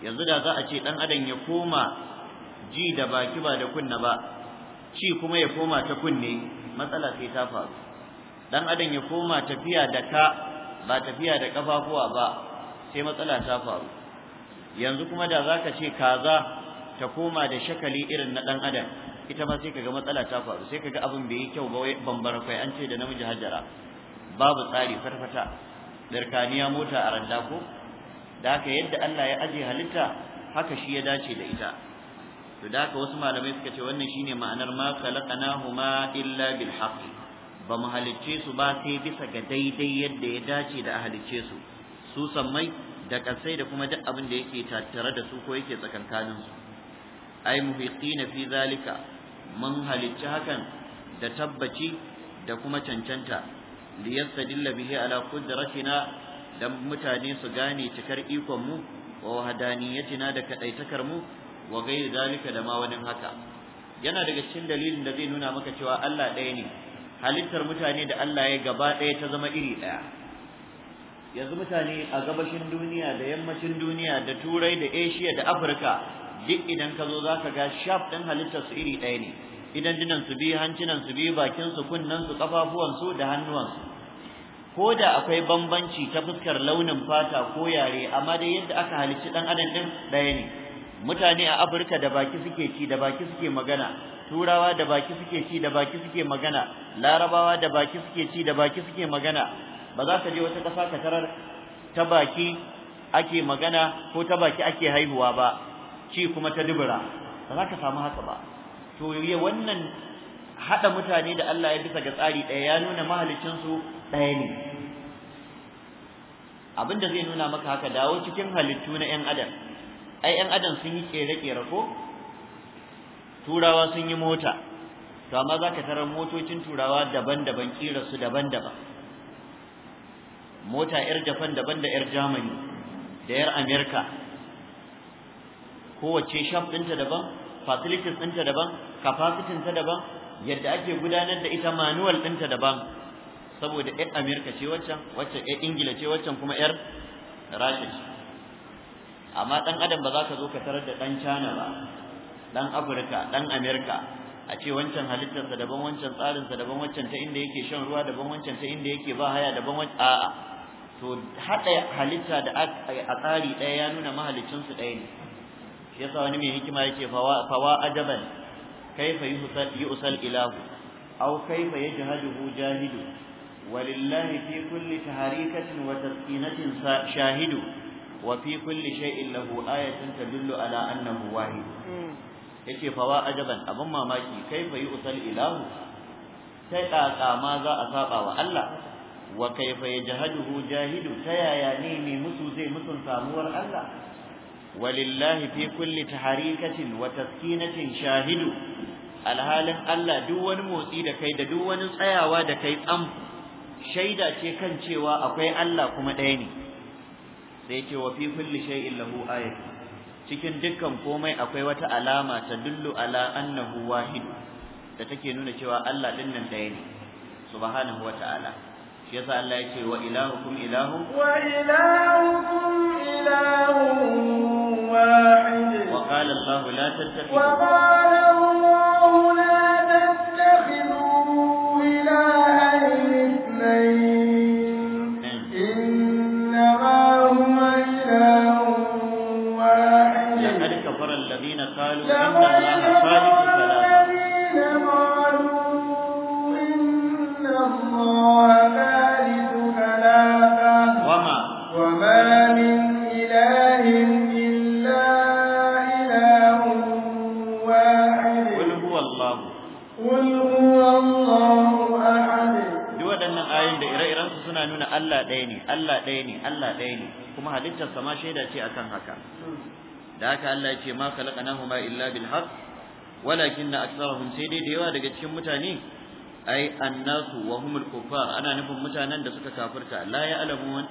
yanzu da za a ce dan adam ya koma ji da baki ba da kunna ba ci kuma ya koma ta kunne matsala sai ta faru dan adam ya koma tafiya da ka ba tafiya da kafafuwa ba sai matsala ta faru yanzu kuma da zaka ce kaza ta koma da shakali irin na dan adam ita ma sai kaga matsala ta faru sai kaga abin bai yi kyau ba wai bambara kai an ce da namiji hajjara babu tsari farfata darkaniya mota a randa ko da haka yadda Allah ya aje halitta haka shi ya dace da ita to da haka wasu malamai suka ce wannan shine ma'anar ma khalaqnahuma illa bil haqq ba mu halicce su ba sai bisa ga daidai yadda ya dace da a halicce su su sammai da kasai da kuma duk abin da yake tattare da su ko yake tsakankanin su ai muhiqina fi zalika mun halicci hakan da tabbaci da kuma cancanta liyastadilla bihi ala qudratina dan mutane su gane cikar ikon mu wa hadaniyatina da kadaitakar mu wa ghairi zalika da ma wani haka yana daga cikin dalilin da zai nuna maka cewa Allah ɗaya ne halittar mutane da Allah ya gaba ɗaya ta zama iri ɗaya yanzu mutane a gabashin duniya da yammacin duniya da turai da asia da afirka duk idan ka zo za ka ga shaf ɗin halittar su iri ɗaya ne idan dinan su biyu hancinan su biyu bakin su kunnen su kafafuwan su da hannuwansu ko da akwai bambanci ta fuskar launin fata ko yare amma dai yadda aka halicci ɗan adam ɗin ɗaya ne mutane a Afirka da baki suke ci da baki suke magana turawa da baki suke ci da baki suke magana larabawa da baki suke ci da baki suke magana ba za ka je wata kasa ka tarar ta baki ake magana ko ta baki ake haihuwa ba ci kuma ta dubura ba za ka samu haka ba to wannan haɗa mutane da Allah ya bisa ga tsari ɗaya ya nuna su ɗaya ne abinda zai nuna maka haka dawo cikin halittu na 'yan adam ai ɗan adam sun yi ƙere-ƙere, ko turawa sun yi mota to amma za ka tarar motocin turawa daban-daban su daban-daban mota 'yar japan daban da 'yar germany da 'yar america kowace shop ɗinta daban facilities ɗinta daban capacity ta daban yadda ake gudanar da ita manual ɗinta daban saboda 'yar america ce waccan waccan 'yar ingila ce waccan kuma 'yar rasha ce amma dan adam ba za ka zo ka tarar da dan China ba dan Afirka dan america a ce wancan halittarsa daban wancan tsarinsa daban wancan ta inda yake shan ruwa daban wancan ta inda yake ba haya daban wancan a'a to hada halitta da a tsari daya ya nuna mahalicin su daya ne shi yasa wani mai hikima yake fawa fawa ajaban kaifa yusal yusal ilahu aw kaifa yajhaduhu jahidu walillahi fi kulli taharikatin wa tasqinatin shahidu وفي كل شيء له آية تدل على أنه واحد yace fa wa ajaban abin mamaki kaifa usal ilahu sai kaka ma za a saba wa Allah wa kaifa yajhaduhu jahidu ta yaya ne mai musu zai mutun samuwar Allah walillahi fi kulli taharikatin wa taskinatin shahilu. alhalin Allah duk wani motsi da kai da duk wani tsayawa da kai tsam shaida ce kan cewa akwai Allah kuma ɗaya ne sai ce wa fi kulli shay'in lahu ayatu cikin dukkan komai akwai wata alama ta dullu ala annahu wahid da take nuna cewa Allah din nan ɗaya ne subhanahu wa ta'ala shi yasa Allah yake wa ilahukum ilahu wa ilahukum ilahu wahid wa qala Allah la tattakhidhu wa qala Allah la tattakhidhu ilahan ithnayn Da waɗannan suna nuna Allah ɗaya ne, Allah ɗaya ne, Allah ɗaya ne. kuma halittar sama shaida ce akan haka da haka Allah yake ce ma khalaqnahuma illa bil haqq walakin aktharuhum sai dai da yawa daga cikin mutane ai annasu wa humul kufar ana nufin mutanen da suka kafirta la ya'lamun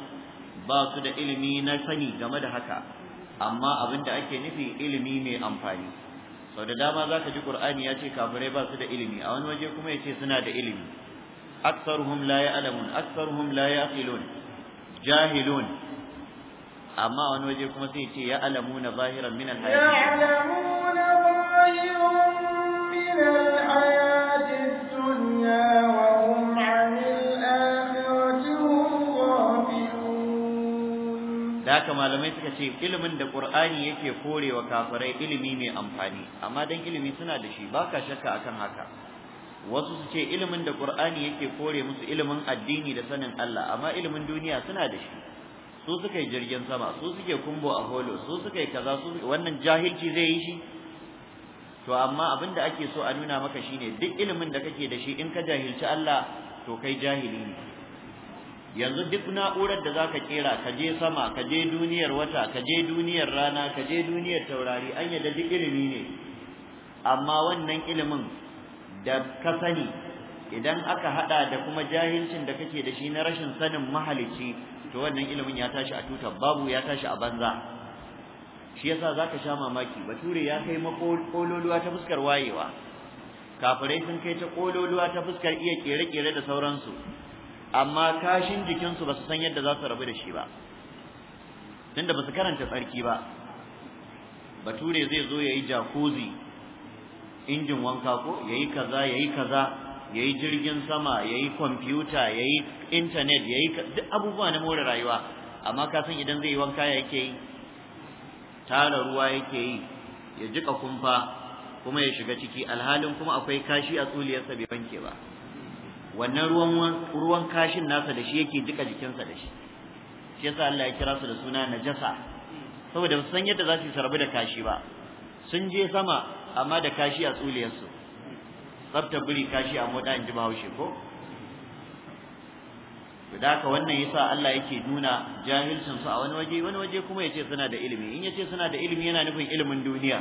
ba su da ilimi na sani game da haka amma abin da ake nufi ilimi mai amfani sau da dama za ka ji qur'ani ya ce kafirai ba su da ilimi a wani waje kuma ya ce suna da ilimi aktharuhum la ya'lamun aktharuhum la ya'qilun jahilun amma wani waje kuma sai ce ya na zahiran min al ya alamuna zahiran min al dunya wa hum 'anil akhirati ghafilun da haka malamai suka ce ilimin da qur'ani yake korewa kafirai ilimi mai amfani amma dan ilimi suna da shi baka shakka akan haka wasu su ce ilimin da Qur'ani yake kore musu ilimin addini da sanin Allah amma ilimin duniya suna da shi su suka yi jirgin sama su suke kumbo a holo su suka yi kaza su wannan jahilci zai yi shi to amma abin da ake so a nuna maka shine duk ilimin da kake da shi in ka jahilci Allah to kai jahili ne yanzu duk na'urar da zaka kera ka je sama ka je duniyar wata ka je duniyar rana ka je duniyar taurari an yadda duk ilimi ne amma wannan ilimin da ka sani idan aka hada da kuma jahilcin da kake da shi na rashin sanin mahalicci to wannan ilimin ya tashi a tutar babu ya tashi a banza shi yasa zaka sha mamaki bature ya kai makololuwa ta fuskar wayewa kafirai sun kai ta kololuwa ta fuskar iya kere-kere da sauransu amma kashin jikinsu ba su san yadda za su rabu da shi ba tunda ba su karanta tsarki ba bature zai zo ya yi jakuzi injin wanka ko ya yi kaza ya yi kaza yayi jirgin sama yayi kwamfuta yayi internet yayi duk abubuwa na more rayuwa amma ka san idan zai yi wanka yake yi tara ruwa yake yi ya jika kumfa kuma ya shiga ciki alhalin kuma akwai kashi a tsuliyarsa bai wanke ba wannan ruwan ruwan kashin nasa da shi yake jika jikinsa da shi shi yasa Allah ya kira su da suna najasa saboda san yadda za su sarbi da kashi ba sun je sama amma da kashi a tsuliyarsu tsabta buri kashi a mota in ji bahaushe ko da haka wannan yasa Allah yake nuna jahilcin su a wani waje wani waje kuma yace suna da ilimi in yace suna da ilimi yana nufin ilimin duniya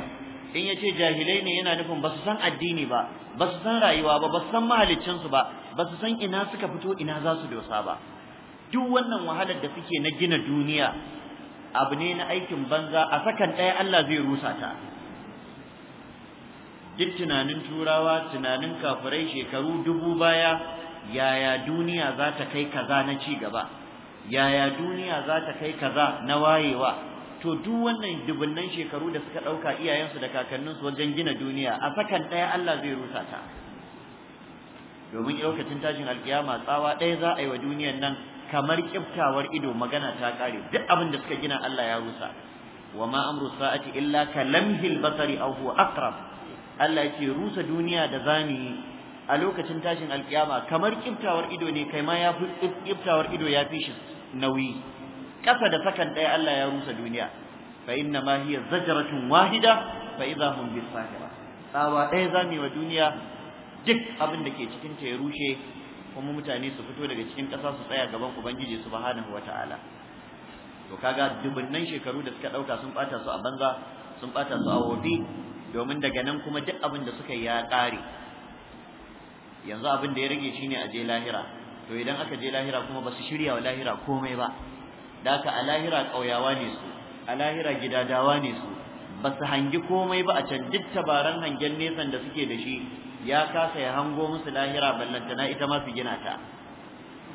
in yace jahilai ne yana nufin basu san addini ba basu san rayuwa ba basu san mahaliccin su ba basu san ina suka fito ina za su dosa ba duk wannan wahalar da suke na gina duniya abu ne na aikin banza a sakan ɗaya Allah zai rusa ta duk tunanin turawa tunanin kafirai shekaru dubu baya yaya duniya za ta kai kaza na ci gaba yaya duniya za ta kai kaza na wayewa to duk wannan dubunnan shekaru da suka ɗauka iyayensu da kakanninsu wajen gina duniya a sakan ɗaya Allah zai rusa ta domin lokacin tajin alkiyama tsawa ɗaya za a yi wa duniyan nan kamar kiftawar ido magana ta kare duk abin da suka gina Allah ya rusa wa ma amru sa'ati illa Kalamhil basari aw huwa aqrab Allah ya rusa duniya da zani a lokacin tashin alkiyama kamar kiftawar ido ne kai ma ya fi kiftawar ido ya fi shi nauyi kasa da sakan ɗaya Allah ya rusa duniya fa inna ma hiya zajratun wahida fa idha hum bis sahira tsawa ɗaya zami wa duniya duk abin da ke cikin ta ya rushe kuma mutane su fito daga cikin ƙasa su tsaya gaban ubangiji subhanahu wataala to kaga dubunnan shekaru da suka dauka sun bata su a banza sun bata su a wofi domin daga nan kuma duk abin da suka yi ya ƙare yanzu abin da ya rage shi ne a je lahira to idan aka je lahira kuma ba su shirya wa lahira komai ba da a lahira ƙauyawa ne su a lahira gidadawa ne su ba su hangi komai ba a can duk tabaran hangen nesan da suke da shi ya kasa ya hango musu lahira ballantana ita ma su gina ta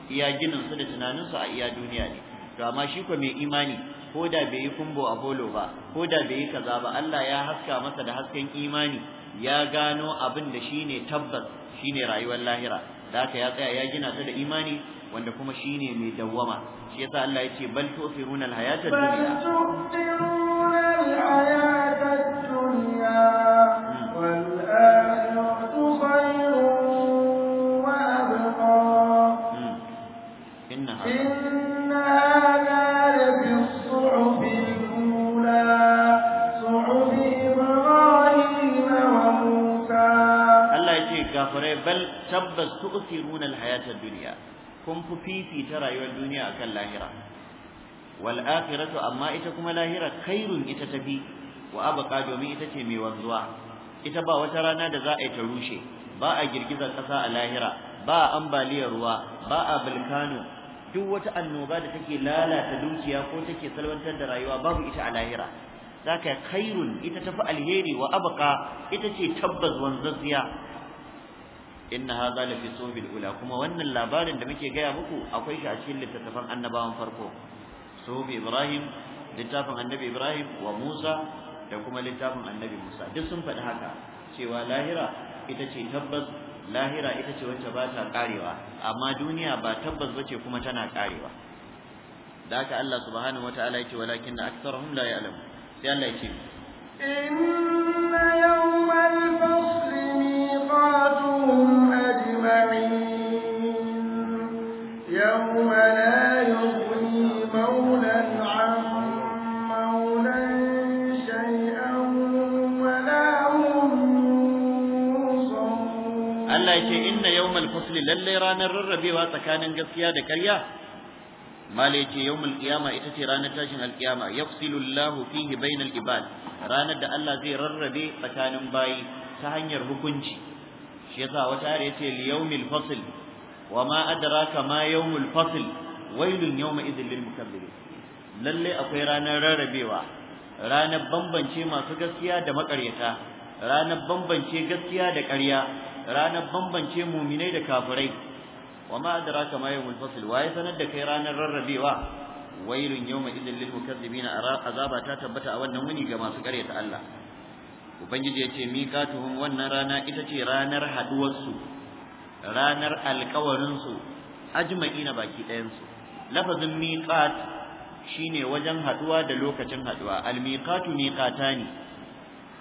iya ginin su da tunaninsu a iya duniya ne to amma shi ko mai imani ko da bai yi kumbo a bolo ba ko da bai yi kaza ba Allah ya haska masa da hasken imani ya gano abin da shine tabbas shine rayuwar lahira da haka ya tsaya ya gina ta da imani wanda kuma shine mai dawwama shi yasa Allah yace bal tu'thiruna al dunya ya bal tabbas tu'thiruna al-hayata ad-dunya kun fi fifita rayuwar duniya akan lahira wal akhiratu amma ita kuma lahira khairun ita tafi wa abqa domin ita ce mai wanzuwa ita ba wata rana da za a yi ta rushe ba a girgizar kasa a lahira ba ambaliyar ruwa ba a bulkano duk wata annoba da take lalata dukiya ko take salwantar da rayuwa babu ita a lahira zaka khairun ita tafi alheri wa abqa ita ce tabbas wanzaziya inna hadha la fi subil ula kuma wannan labarin da muke gaya muku akwai shi a cikin littattafan annabawan farko subi ibrahim littafin annabi ibrahim wa musa da kuma littafin annabi musa duk sun faɗi haka cewa lahira ita ce tabbas lahira ita ce wacce ba ta karewa amma duniya ba tabbas bace kuma tana karewa da haka Allah subhanahu wataala yake walakin da aktsaruhum la ya'lamu sai Allah yake inna yawmal fasl lallai ranar rarrabewa tsakanin gaskiya da ƙarya mala ce yawmul qiyama ita ce ranar tashin alkiyama yafsilu Allahu fihi bainal ibad ranar da Allah zai rarrabe tsakanin bayi ta hanyar hukunci shi yasa wata ayar yace li yawmil fasl wa ma adraka ma yawmul fasl wailun yawma idhil lil mukazzibin lalle akwai ranar rarrabewa ranar bambance masu gaskiya da makaryata ranar bambance gaskiya da ƙarya ranar bambance muminai da kafirai wa ma adraka ma yawmul fasl wa sanar da kai ranar rarrabewa wailun yawma idhil lil mukazzibin azaba ta tabbata a wannan wuni ga masu ƙaryata Allah ubangiji ya ce miqatuhum wannan rana ita ce ranar haɗuwarsu, ranar alkawarinsu na baki ɗayansu lafazin miqat shine wajen haɗuwa da lokacin haɗuwa. haduwa almiqatu ne.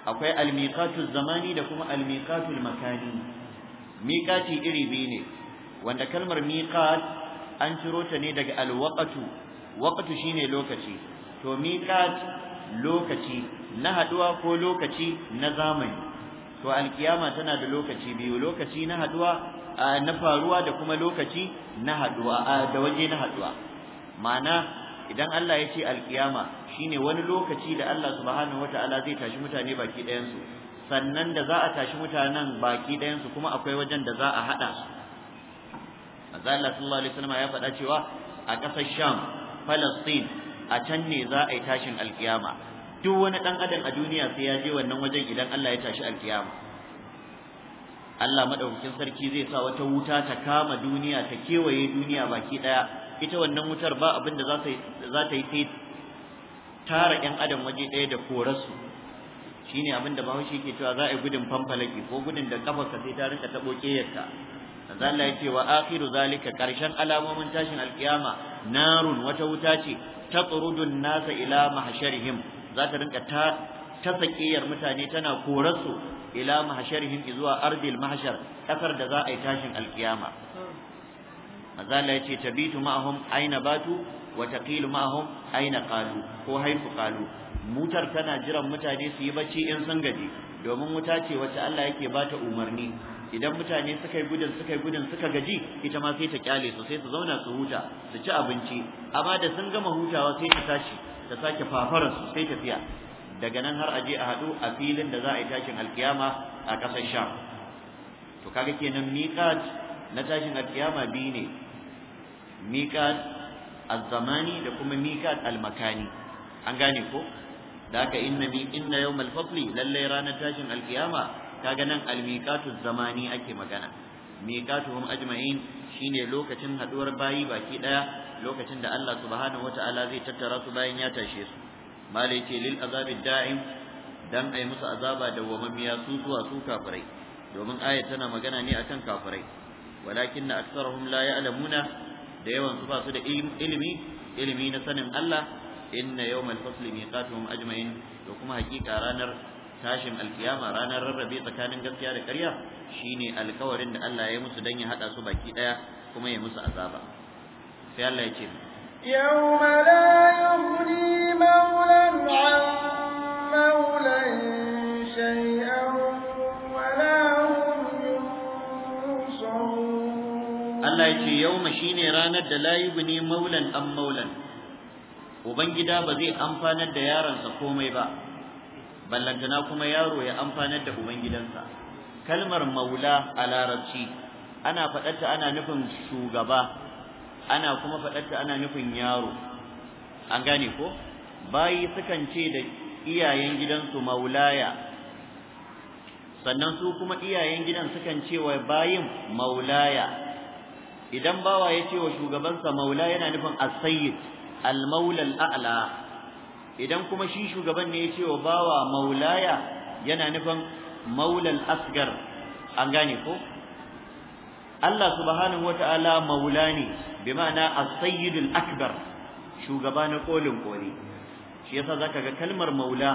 akwai almiqatu zamani da kuma almiqatu makani miqati iri biyu ne wanda kalmar miqat an ciro ta ne daga alwaqatu waqtu shine lokaci to miqat lokaci na haduwa ko lokaci na zamani to alkiyama tana da lokaci biyu lokaci na haduwa na faruwa da kuma lokaci na haduwa da waje na haduwa ma'ana idan Allah ya ce alkiyama shine wani lokaci da Allah subhanahu wataala zai tashi mutane baki ɗayan sannan da za a tashi mutanen baki ɗayan kuma akwai wajen da za a hada su azza Allah sallallahu alaihi wasallam ya faɗa cewa a ƙasar Sham Palestine a can ne za a yi tashin alkiyama duk wani dan adam a duniya sai ya je wannan wajen idan Allah ya tashi alkiyama Allah madaukakin sarki zai sa wata wuta ta kama duniya ta kewaye duniya baki daya ita wannan wutar ba abin da za ta yi sai tara yan adam waje daya da korasu shine abin da Bahaushe ke cewa za a yi gudun fanfalaki ko gudun da kafa ka sai ta rinka tabo keyarta manzo Allah yake wa akhiru zalika karshen alamomin tashin alkiyama narun wata wuta ce tatrudun nasa ila mahsharihim za ta rinka ta mutane tana korarsu ila mahsharihim zuwa ardil mahashar kasar da za a yi tashin alkiyama mazala yace bitu ma'ahum aina batu wa taqilu aina qalu ko haifu kalu mutar tana jiran mutane su yi bacci in sun gaji domin wuta ce wacce Allah yake bata umarni idan mutane suka yi gudun suka yi gudun suka gaji ita ma sai ta kyale su sai su zauna su huta su ci abinci amma da sun gama hutawa sai ta tashi ta sake fafarar su sai tafiya daga nan har aje a hadu a filin da za a yi tashin alkiyama a kasar sham to kaga kenan miqat na tashin alkiyama biyu ne miqat az-zamani da kuma miqat almakani. makani an gane ko da haka inna inna yawmal fadli lalle ranar tashin alkiyama kaga nan almiqatu zamani ake magana miqatuhum ajma'in shine lokacin haduwar bayi baki daya lokacin da Allah subhanahu wataala zai tattara su bayan ya tashe su malai ce lil azabi da'im dan ai musu azaba da wamamiya su zuwa su kafirai domin ayat tana magana ne akan kafirai walakin aktsaruhum la ya'lamuna da yawan su ba su da ilimi ilimi na sanin Allah inna yawmal fasli miqatuhum ajma'in to kuma hakika ranar tashin alkiyama ranar rarrabe tsakanin gaskiya da ƙarya shine alkawarin da Allah ya musu dan ya haɗa su baki ɗaya kuma ya musu azaba sai Allah ya ce yawma la yughni mawlan an mawlan shay'an wala Allah ya ce yawma shine ranar da la ne mawlan an mawlan ubangida ba zai amfanar da yaronsa komai ba ballantana kuma yaro ya amfanar da ubangidansa kalmar maula a larabci ana faɗarta ana nufin shugaba ana kuma faɗarta ana nufin yaro an gane ko bayi sukan ce da iyayen gidansu maulaya sannan su kuma iyayen gidan sukan ce wa bayin maulaya idan bawa ya ce wa shugabansa maula yana nufin as-sayyid al-maula al-a'la idan kuma shi shugaban ne ya ce wa bawa maulaya yana nufin maulal asgar an gane ko Allah subhanahu wata'ala maula ne bi ma'ana as-sayyidul akbar shugaba na kolin koli shi yasa zaka ga kalmar maula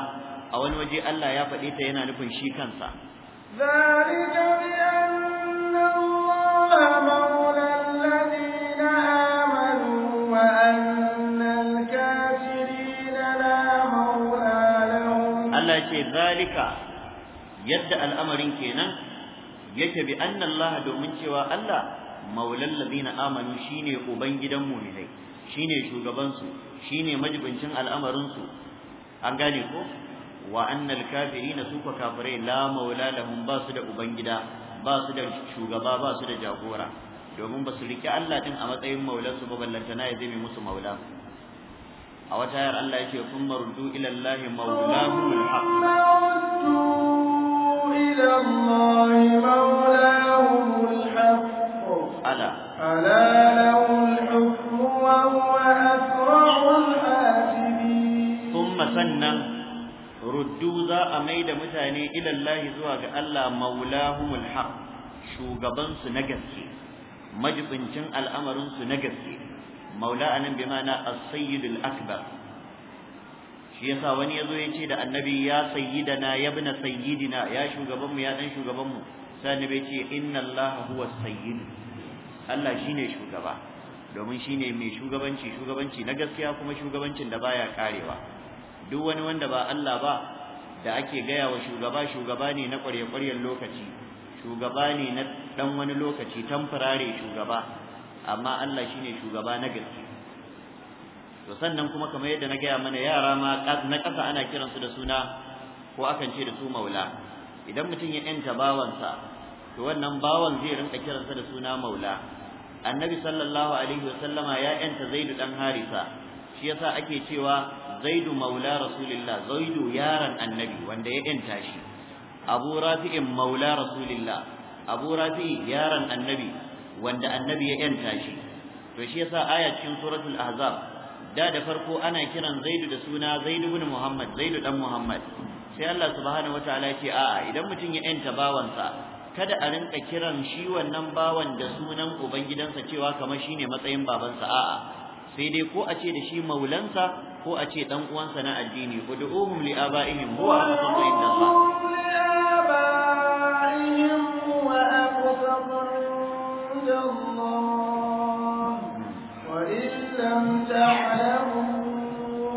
a wani waje Allah ya faɗe ta yana nufin shi kansa ذلك بأن الله مولاه Allah ce zalika yadda al'amarin kenan yake bi anna Allah domin cewa Allah maulal ladina amanu shine ubangidan mu'minai shine shugaban su shine majibincin al'amarin su an gane ko wa annal kafirina su ka kafire la maula lahum ba su da ubangida ba su da shugaba ba su da jagora domin ba su riki Allah din a matsayin maulansu ba ballantana ya zai musu maula a wata yar Allah yake kun maruddu ila Allah maulahum alhaq ila Allah maulahum alhaq ala ala lahu alhukm wa huwa asra'ul hasibin thumma sannan ruddu za a maida mutane ila Allah zuwa ga Allah maulahum alhaq shugaban su na gaske majibincin al'amarin su na gaske maula anan bi ma'ana as-sayyid al-akbar shi yasa wani yazo ce da annabi ya sayyidana ya ibn sayyidina ya shugaban mu ya dan shugaban mu sai annabi yace inna allaha huwa sayyid Allah shine shugaba domin shine mai shugabanci shugabanci na gaskiya kuma shugabancin da baya karewa duk wani wanda ba Allah ba da ake gaya wa shugaba shugaba ne na ƙwarya-ƙwaryen lokaci shugaba ne na ɗan wani lokaci tamfurare shugaba amma Allah shine shugaba na gaske to sannan kuma kamar yadda na gaya mana yara ma na ƙasa ana kiransu da suna ko akan ce da su maula idan mutum ya yanta bawansa to wannan bawan zai rinka kiransa da suna maula annabi sallallahu alaihi wasallama ya yanta zaidu ɗan harisa shi yasa ake cewa zaidu maula rasulillah zaidu yaron annabi wanda ya yanta shi abu rafi'in maula rasulillah abu rafi yaran annabi wanda annabi ya yanta shi to shi yasa aya cikin suratul ahzab da da farko ana kiran zaidu da suna zaidu ibn muhammad zaidu dan muhammad sai Allah subhanahu wataala ya ce a'a idan mutum ya yanta bawansa kada a rinka kiran shi wannan bawan da sunan ubangidansa cewa kamar shine matsayin babansa a'a sai dai ko a ce da shi maulansa ko a ce dan uwansa na addini ud'uhum li abaihim huwa aqsatu inda Allah عند الله وإن لم تعلموا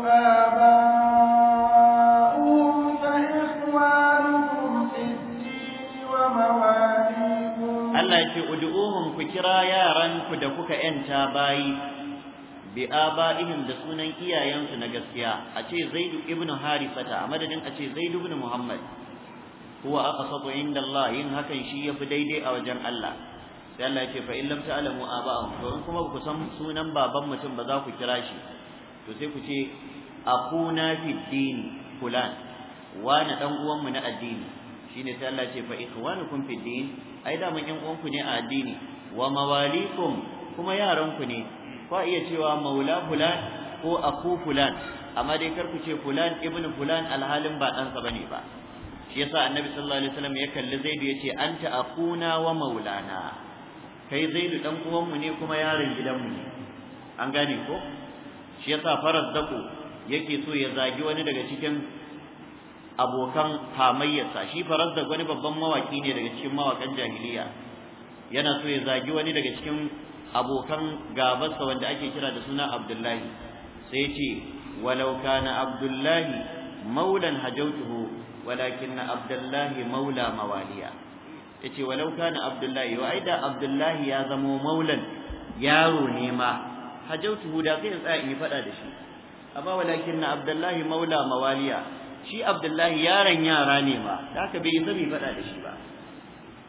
آباؤهم فإخوانكم في الدين ومواليكم الله يقول ادعوهم كترا يارا كدكوك أنت باي bi aba'ihim da sunan iyayensu na gaskiya a ce zaidu ibnu harifata a madadin a ce zaidu ibnu muhammad huwa aqsatu inda Allah yin hakan shi yafi daidai a wajen Allah sai Allah ya ce fa in lam ta'lamu aba'ahum to in kuma ku san sunan baban mutum ba za ku kira shi to sai ku ce akuna fi din fulan wani dan uwan na addini shine sai Allah ya ce fa ikhwanukum fi din ai da mun yan uwan ne a addini wa mawalikum kuma yaranku ne ko iya cewa maula fulan ko aku fulan amma dai kar ku ce fulan ibnu fulan alhalin ba dan sa bane ba shi yasa annabi sallallahu alaihi wasallam ya kalli zaidu yace anta akuna wa maulana kai zaidu dan mu ne kuma yaron gidanmu ne an gane ko shi yasa faras dako yake so ya zagi wani daga cikin abokan hamayyarsa shi faras dako wani babban mawaki ne daga cikin mawakan jahiliya yana so ya zagi wani daga cikin abokan gabarsa wanda ake kira da suna abdullahi sai ce walau kana abdullahi maulan hajautuhu walakin abdullahi maula mawaliya yace walau kana abdullahi wa aida abdullahi ya zamo maulan yaro ne ma hajautuhu huda kai tsaya in fada da shi amma walakin na abdullahi maula mawaliya shi abdullahi yaron yara ne ma da haka bai zama fada da shi ba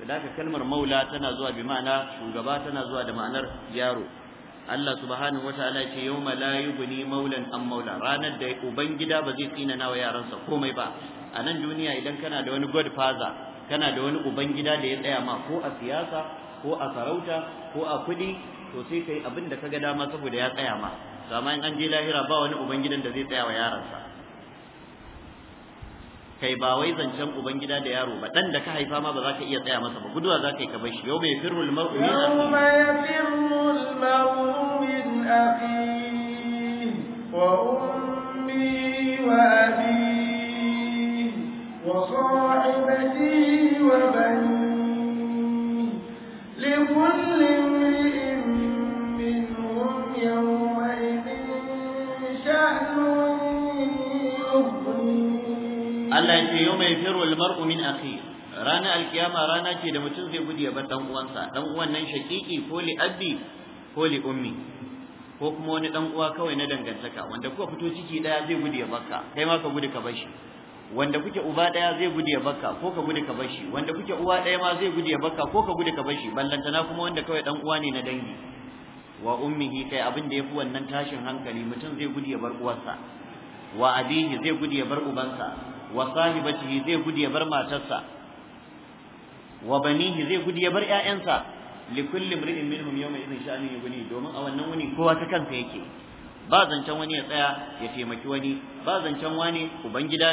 da kalmar maula tana zuwa bi ma'ana shugaba tana zuwa da ma'anar yaro Allah subhanahu wataala ce yawma la yughni maulan an maula ranar da ubangida ba zai tsina nawa yaransa komai ba a nan duniya idan kana da wani godfather kana da wani ubangida da ya tsaya ma ko a siyasa ko a sarauta ko a kuɗi to sai kai abin da kaga dama saboda ya tsaya ma to amma in an je lahira ba wani ubangidan da zai tsaya wa yaransa kai ba wai zancen ubangida da yaro ba dan da ka haifa ma ba za ka iya tsaya masa ba guduwa za ka yi ka bar shi yau bai firul mar'u min yawma yafirul mar'u min akhihi wa ummi wa abi wa sahibati Allah ya ce yau mai firu almar'u a kai. rana alkiyama rana ce da mutum zai gudu ya bar dan uwansa dan uwan nan shakiki ko li abbi ko li ummi ko kuma wani dan uwa kawai na dangantaka wanda kuka fito ciki daya zai gudu ya baka kai ma ka gudu ka bar shi wanda kuke uba daya zai gudu ya baka ko ka gudu ka bashi wanda kuke uwa daya ma zai gudu ya baka ko ka gudu ka bashi ballantana kuma wanda kawai dan uwa ne na dangi wa ummihi kai abin da yafi wannan tashin hankali mutum zai gudu ya bar uwarsa wa abihi zai gudu ya bar ubansa wa sahibatihi zai gudu ya bar matarsa wa banihi zai gudu ya bar ƴaƴansa li kulli mri'in minhum yawma idhin sha'anun yughni domin a wannan wuni kowa ta kansa yake ba zancen wani ya tsaya ya taimaki wani ba zancen wane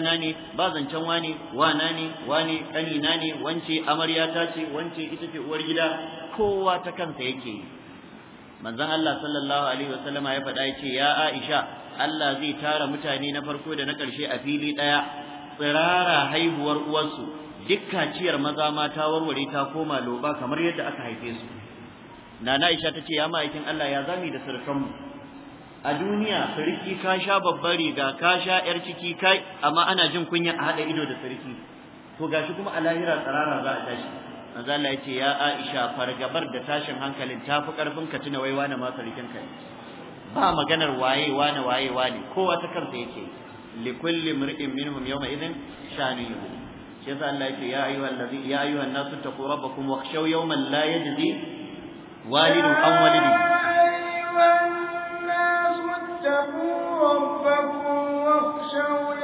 na ne ba zancen wane wana ne wane na ne wance amarya ta ce wance ita ce uwar gida kowa ta kansa yake yi manzon Allah sallallahu alaihi wasallama ya faɗa yace ya Aisha Allah zai tara mutane na farko da na ƙarshe a fili ɗaya tsirara haihuwar uwarsu duk kaciyar maza mata warware ta koma loba kamar yadda aka haife su nana Aisha tace ya ma'aikin Allah ya zami da surukanmu a duniya sarki ka sha babbar riga ka sha yar ciki kai amma ana jin kunya a hada ido da sarki to gashi kuma a lahira tsarara za a tashi manzo Allah yace ya Aisha fargabar da tashin hankalin tafi karfin ka tuna waiwa na ma sarkin kai ba maganar waye na waye ne kowa ta kansa yake li kulli mar'in minhum yawma idhin shani shi yasa Allah yace ya ayyuhal ladhi ya ayyuhan nasu taqu rabbakum wakhshaw yawman la yajzi walidun an walidi اتقوا ربكم واخشوا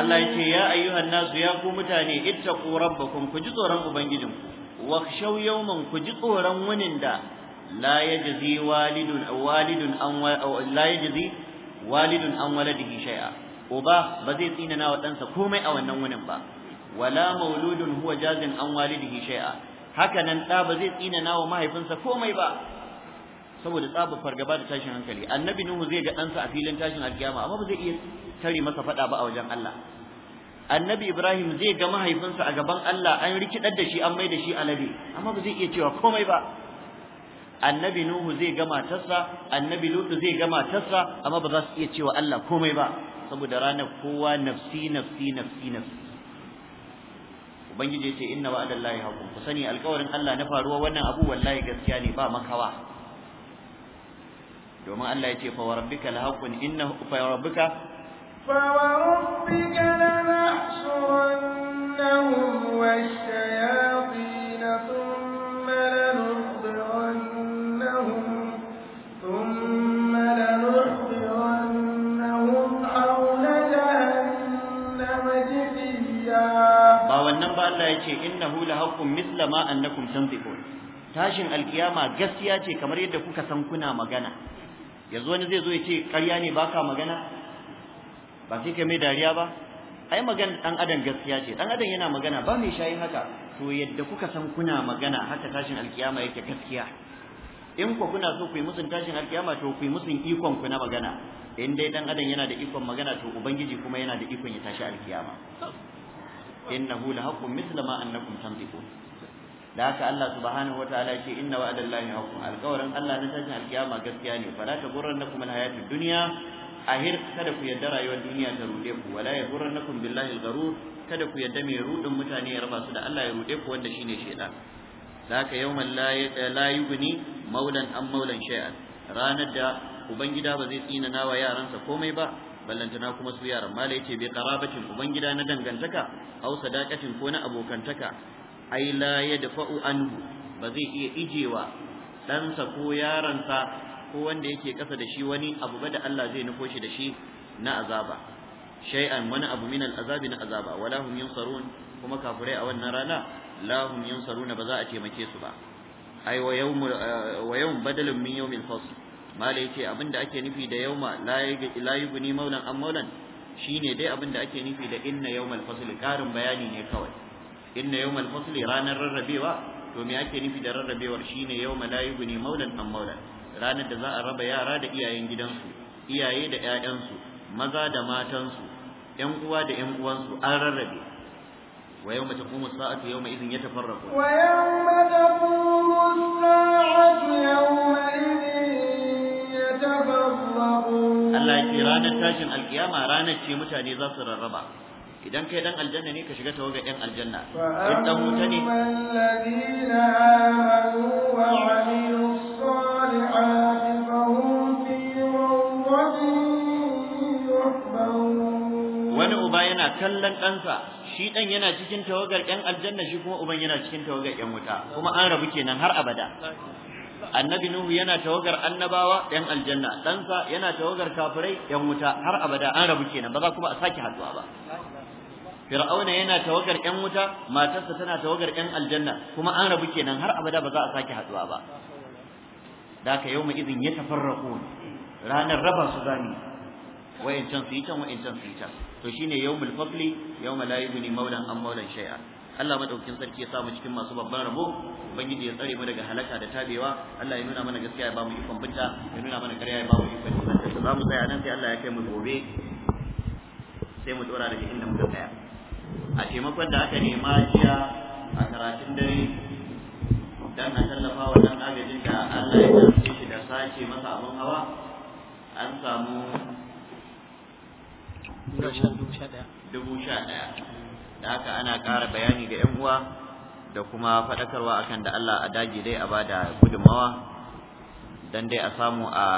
Allah ya ce ya ayyuhan nasu ya ku mutane ittaqu rabbakum ku ji tsoron ubangijinku wakhshaw yawman ku ji tsoron wunin da la yajzi walidun walidun an la yajzi walidun an waladihi shay'a uba ba zai tsina na wadansa komai a wannan wunin ba wala mauludun huwa jazin an walidihi shay'a haka nan da ba zai tsina na wa mahaifinsa komai ba saboda tsaba fargaba da tashin hankali annabi nuhu zai ga ɗansa a filin tashin alkiyama amma ba zai iya tare masa faɗa ba a wajen Allah annabi ibrahim zai ga mahaifinsa a gaban Allah an rikidar da shi an mai da shi alade amma ba zai iya cewa komai ba annabi nuhu zai ga matarsa annabi lutu zai ga matarsa amma ba za su iya cewa Allah komai ba saboda ranar kowa nafsi nafsi nafsi nafsi ubangiji ya ce inna wa'adallahi haqqun ku sani alƙawarin Allah na faruwa wannan abu wallahi gaskiya ne ba makawa domin Allah yace fa warabbika la haqqun innahu fa warabbika fa warabbika la nahsurannahum wash thumma lanudhirannahum thumma lanudhirannahum hawla jahannam jithiya ba wannan ba Allah ya ce innahu la haqqun mithla ma annakum tanṭiqun tashin alqiyama gaskiya ce kamar yadda kuka san kuna magana yanzu wani zai zo ya ce ƙarya ne baka magana ba sai kai mai dariya ba ai magana dan adam gaskiya ce dan adam yana magana ba mai shayi haka to yadda kuka san kuna magana haka tashin alkiyama yake gaskiya in ku kuna so ku yi musun tashin alkiyama to ku yi musun ikon ku na magana in dai dan adam yana da ikon magana to ubangiji kuma yana da ikon ya tashi alkiyama innahu lahaqqun mithla ma annakum tanṭiqun da haka Allah subhanahu wataala ce inna wa'adallahi haqqun alqawran Allah na tashin alkiyama gaskiya ne fala tagurrannakum duniya? dunya ahir kada ku yadda rayuwar duniya ta rude ku wala yagurrannakum billahi algharur kada ku yadda mai rudin mutane ya raba su da Allah ya rude ku wanda shine shedan da haka yawmal la la yubni maulan am maulan shay'an ranar da ubangida ba zai tsina nawa yaransa komai ba ballantana kuma su yaran mala yace bi qarabatin ubangida na dangantaka au sadaqatin ko na abokantaka ai la yadfa'u anhu ba zai iya ijewa ɗansa ko yaransa ko wanda yake ƙasa da shi wani abu ba da Allah zai nufo shi da shi na azaba shay'an wani abu min al'azabi na azaba wala hum yunsarun kuma kafirai a wannan rana la hum yunsaruna ba za a taimake su ba ai wa yawm eh, wa yawm badalun min yawmil fasl mala yace abinda ake nufi da yawma la la yuguni maulan am maulan shine dai abinda ake nufi da inna yawmal fasl karin bayani ne kawai inna yawmal fasli ranar rarrabewa to me ake nufi da rarrabewar shine yawma la yughni maulan an maula ranar da za a raba yara da iyayen gidansu iyaye da 'ya'yansu, maza da matansu ƴan uwa da ƴan uwansu an rarrabe wa yawma taqumu saatu yawma idhin yatafarraqun wa yawma taqumu saatu yawma idhin yatafarraqun Allah ya ranar tashin alkiyama ranar ce mutane za su rarraba idan kai dan aljanna ne ka shiga tawaga yan aljanna in ɗan wuta ne wani uba yana kallon ɗansa shi ɗan yana cikin tawagar ƴan aljanna shi kuma uban yana cikin tawagar ƴan wuta kuma an rabu kenan har abada annabi nuhu yana tawagar annabawa ƴan aljanna ɗansa yana tawagar kafirai ƴan wuta har abada an rabu kenan ba za kuma a sake haɗuwa ba fir'auna yana tawagar yan wuta matarsa tana tawagar yan aljanna kuma an rabu kenan har abada ba za a sake haduwa ba da ka yau idin ya tafarraku ranar raba su zami wa'incan su yi can wa'incan su yi can to shine yawmul fadli yawma la yughni maulan an maulan shay'a Allah madaukin sarki ya sa mu cikin masu babban rabo ubangiji ya tsare mu daga halaka da tabewa Allah ya nuna mana gaskiya ya ba mu ikon binta ya nuna mana ƙarya ya ba mu ikon binta za mu tsaya nan sai Allah ya kai mu gobe sai mu tsora daga inda muka tsaya a taimakon da aka nema jiya a karatun dare don a tallafa wa ɗan agajin da Allah ya tafi shi da sace masa abin hawa an samu dubu sha ɗaya da haka ana ƙara bayani ga 'yan uwa da kuma faɗakarwa akan da Allah a daji dai a bada gudunmawa don dai a samu a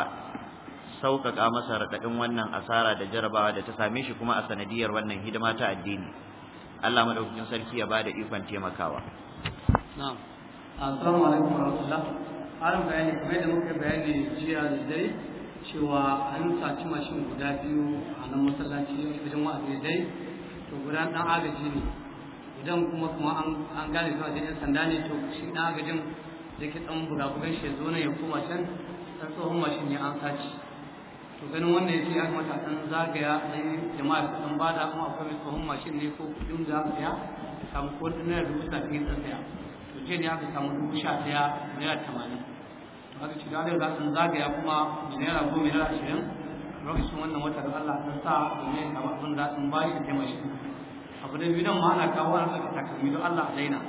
sauƙaƙa masa raɗaɗin wannan asara da jarabawa da ta same shi kuma a sanadiyar wannan hidima ta addini Allah madaukakin sarki ya bada ikon taimakawa na'am assalamu alaikum warahmatullahi. aran bayani kamar da muke bayani jiya da dare cewa an saci mashin guda biyu a nan masallaci wajen wa'azi dai to guda dan agaji ne idan kuma kuma an gane cewa jin sanda ne to shi dan agajin da ke dan buga bugan zo ne ya koma can dan tsohon mashin ne an saci to ganin wannan yace ya kamata dan zagaya dan jama'a su dan bada kuma akwai tsohon mashin ne ko kudin da aka ya samu ko dinar dubu saba'in da tsaya to je ne aka samu dubu sha daya naira tamanin to aka ci dalilin da su zagaya kuma naira goma naira ashirin lokacin wannan wata da Allah sun sa domin ya samu abin da sun bayi da taimaki abu da biyu nan ma ana kawo ana saka takalmi don Allah a daina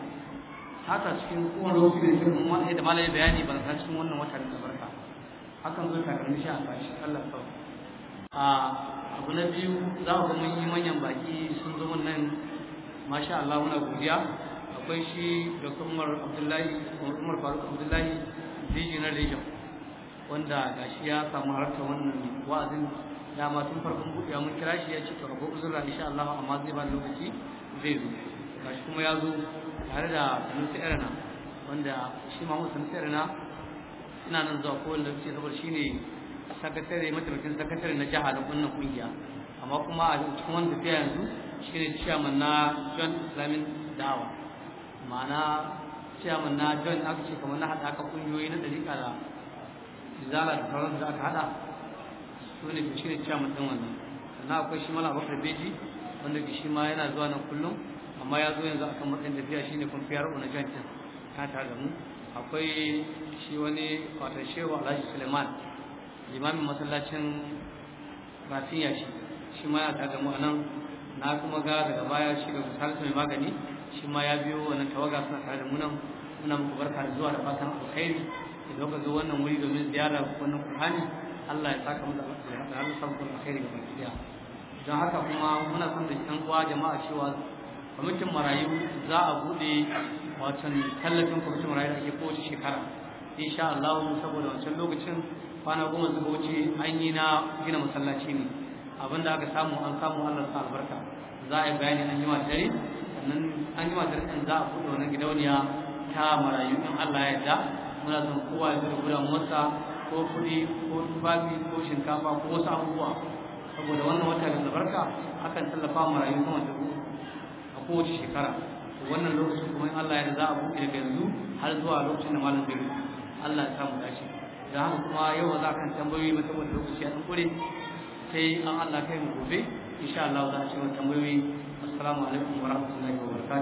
haka cikin kowane lokaci ne shi kuma da malamin bayani ban san cikin wannan wata da barka hakan zai takalmi shi a sashi Allah a abu na biyu za a mun yi manyan baki sun zo nan masha Allah muna godiya akwai shi da Umar Abdullahi Umar Faruk Abdullahi na Region wanda shi ya samu harta wannan wa'azin dama tun farkon buɗewa mun kira shi ya ci to rabu uzura insha Allah amma zai ba lokaci zai zo Ga shi kuma ya zo tare da Sanusi Erana wanda shi ma Sanusi Erana ina nan zuwa kowane lokaci saboda shine sakatare mataimakin sakatare na jiha na wannan kungiya amma kuma a cikin wani tafiya yanzu shine chairman na John Islamic Dawa ma'ana chairman na John aka ce kamar na haɗa ka kungiyoyi na dalika da zala da sauran da aka haɗa su ne shi ne chairman ɗin wannan sannan akwai shi mala abubakar beji wanda shi ma yana zuwa nan kullum amma ya zo yanzu akan matsayin tafiya shine kuma fiyar na John ta tare da mu akwai shi wani wata shehu Alhaji Suleiman limamin masallacin bafiya shi shi ma ya daga mu anan na kuma ga daga baya shi ga misalatu mai magani shi ma ya biyo wannan tawaga suna tare da mu nan muna muku barka da zuwa da fatan alkhairi idan ka zo wannan wuri domin ziyara wannan Qur'ani Allah ya saka mu da Allah sabon alkhairi ga bakiya don haka kuma muna son da ƴan uwa jama'a cewa kwamitin marayu za a bude watan tallafin kwamitin marayu da ake kowace shekara insha Allah saboda wancan lokacin kwana goma suka wuce an yi na gina masallaci ne abinda aka samu an samu Allah sa albarka za a yi bayani an yi wa dare sannan an yi wa dare sannan za a buɗe wani gidauniya ta marayu in Allah ya yarda muna son kowa ya zura gudan masa ko kuɗi ko tufafi ko shinkafa ko wasu abubuwa saboda wannan wata da albarka akan tallafa marayu sama da a kowace shekara wannan lokacin kuma in Allah ya yarda za a buɗe daga yanzu har zuwa lokacin da malam zai Allah ya samu dace da haka kuma yau za kan tambayoyi ba saboda lokaci a ɗan sai an Allah kai mu gobe insha Allah za a ci tambayoyi assalamu alaikum wa rahmatullahi wa barakatuh